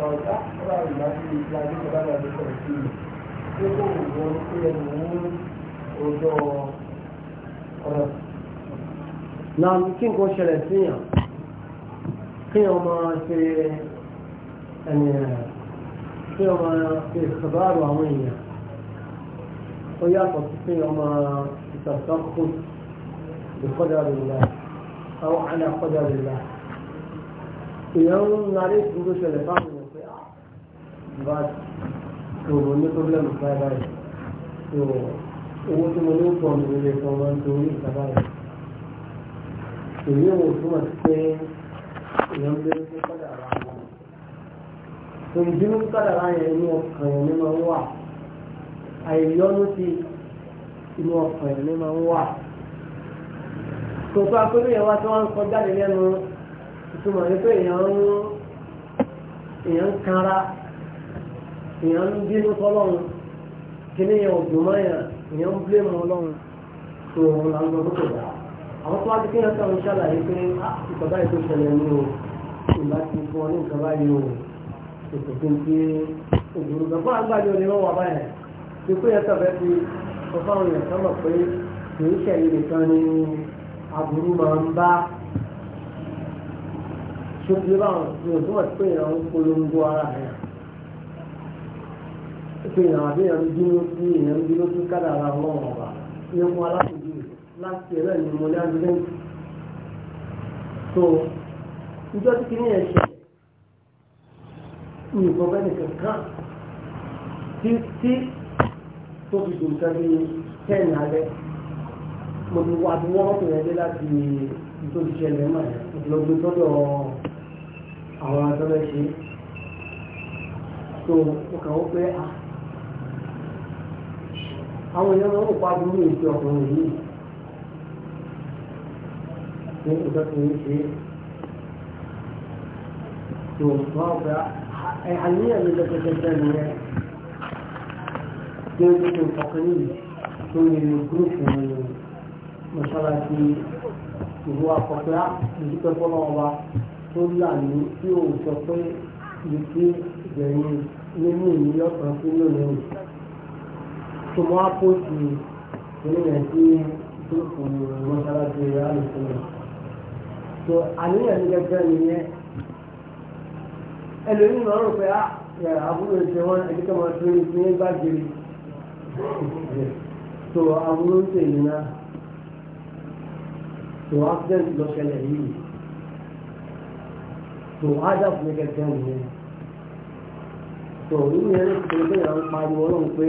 ọ̀dá ọ̀rá ìlà sí ìlà ní ọ̀rá ìlà ní sọ̀rọ̀ sí ìlú tí ó kò wọ́n pé ẹnu ń ọjọ́ ọ̀rọ̀. na kí nǹkan ṣẹlẹ̀ síyàn kí wọ́n máa ṣe ẹni kí wọ́n máa ṣe بقدر الله أو على قدر الله ìyẹn ń rárí ìdúró ṣẹlẹ̀ fáwọn èèyàn pé bá ṣòro ní pọ́blẹ́mù fáìbá rẹ̀ tó owó tí mo ní ń pọ̀ mi lè fọ́ máa ń torí ìjàmbá rẹ̀ èyí ò túmọ̀ sí pé èèyàn gbé ní kádà ara wọn tó ìdínú kádà ara yẹn inú ọkàn yẹn ní máa ń wà àìyọ́nú sí inú ọkàn yẹn ní máa ń wà tòótọ́ akérò yẹn wá tí wọ́n ń sọ jáde lẹ́nu ìtumọ̀ ní pé èèyàn ń èèyàn ń kanra èèyàn ń bínú sọ́lọ́run kíní yẹn ògùn mọ́yà èèyàn ń blé mọ́ ọlọ́run tó òun là ń lọ lókè dá àwọn tó wá di kéèyàn sọ̀rọ̀ ṣàlàyé pé ah, ìkọ̀dá ètò ìṣẹ̀lẹ̀ ní o ìgbà tí fún ọ ní nǹkan báyìí o ètò tó ń pé ògùn gbà àgbàdo ni wọ́n wà báyìí tó pé yẹn sọ̀rọ̀ sọ fáwọn èèyàn sọ́mọ̀ aburú máa ń bá ṣojú báwọn ní òtún ọ̀tí pé ìyàwó polongo ara rẹ̀ pé ìyàwó àbí ìyàwó dúró sí ìyàwó dúró sí kádàrà wọn ọ̀bà ní ọmọ alákòjú láti ẹ̀rẹ́ ni mo ní adúlẹ̀ tó ìjọ tí kìíní ẹ̀ ṣe nǹkan bẹ́ẹ̀ nìkan kan tí tí tó fi dùn kan bí tẹ́ẹ̀nì alẹ́ mo ti wá bí wọ́n rọ́pò yẹn dé láti tó ti ṣẹlẹ̀ mọ́ ẹ̀ lọ́gbọ́n tọ́jọ́ àwọn atọ́lẹ̀ ṣe tó o kàn ó pé ah, àwọn èèyàn wọn ò pa burú èsì ọkùnrin yìí ní ìdọ́kùnrin ṣe tó wọ́n ò pé ah, àníyàn mi lọ́gbẹ́gbẹ́ nìyẹn tó ń tó ọkùnrin yìí tó ń lo gúrúùpù nìyẹn mọ́ṣáláṣí ìlú akọ̀pẹ́á ìdúpẹ́ fọ́nà ọba tó là ní tí ò sọ pé ibi tí ìbẹ̀rù nínú ìlú ọ̀sán sí lónìí o tó mọ́ àpòsí ìrìnà sí gúrùpù mọ́ṣáláṣí ìyá àlùfẹ́ ah, tó àníyàn ní gẹ́gẹ́ nìyẹn ẹlòmíràn lọ́rùn pé á àbúrò ìṣẹ́ wọn ẹ̀dínkà máa tó ní gbàgbére tó àbúrò ń tèmi náà tó accident lọ ṣẹlẹ̀ yìí tó adaf ní kẹ̀kẹ́ nìyẹn tó nínú yẹn ní kẹ̀kẹ́ pé ìyàwó pariwo lóhùn pé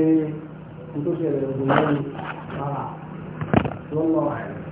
kò tó ṣẹlẹ̀ lọ́gbọ̀n lọ́rùn rárá tó ń lọ àìrìn.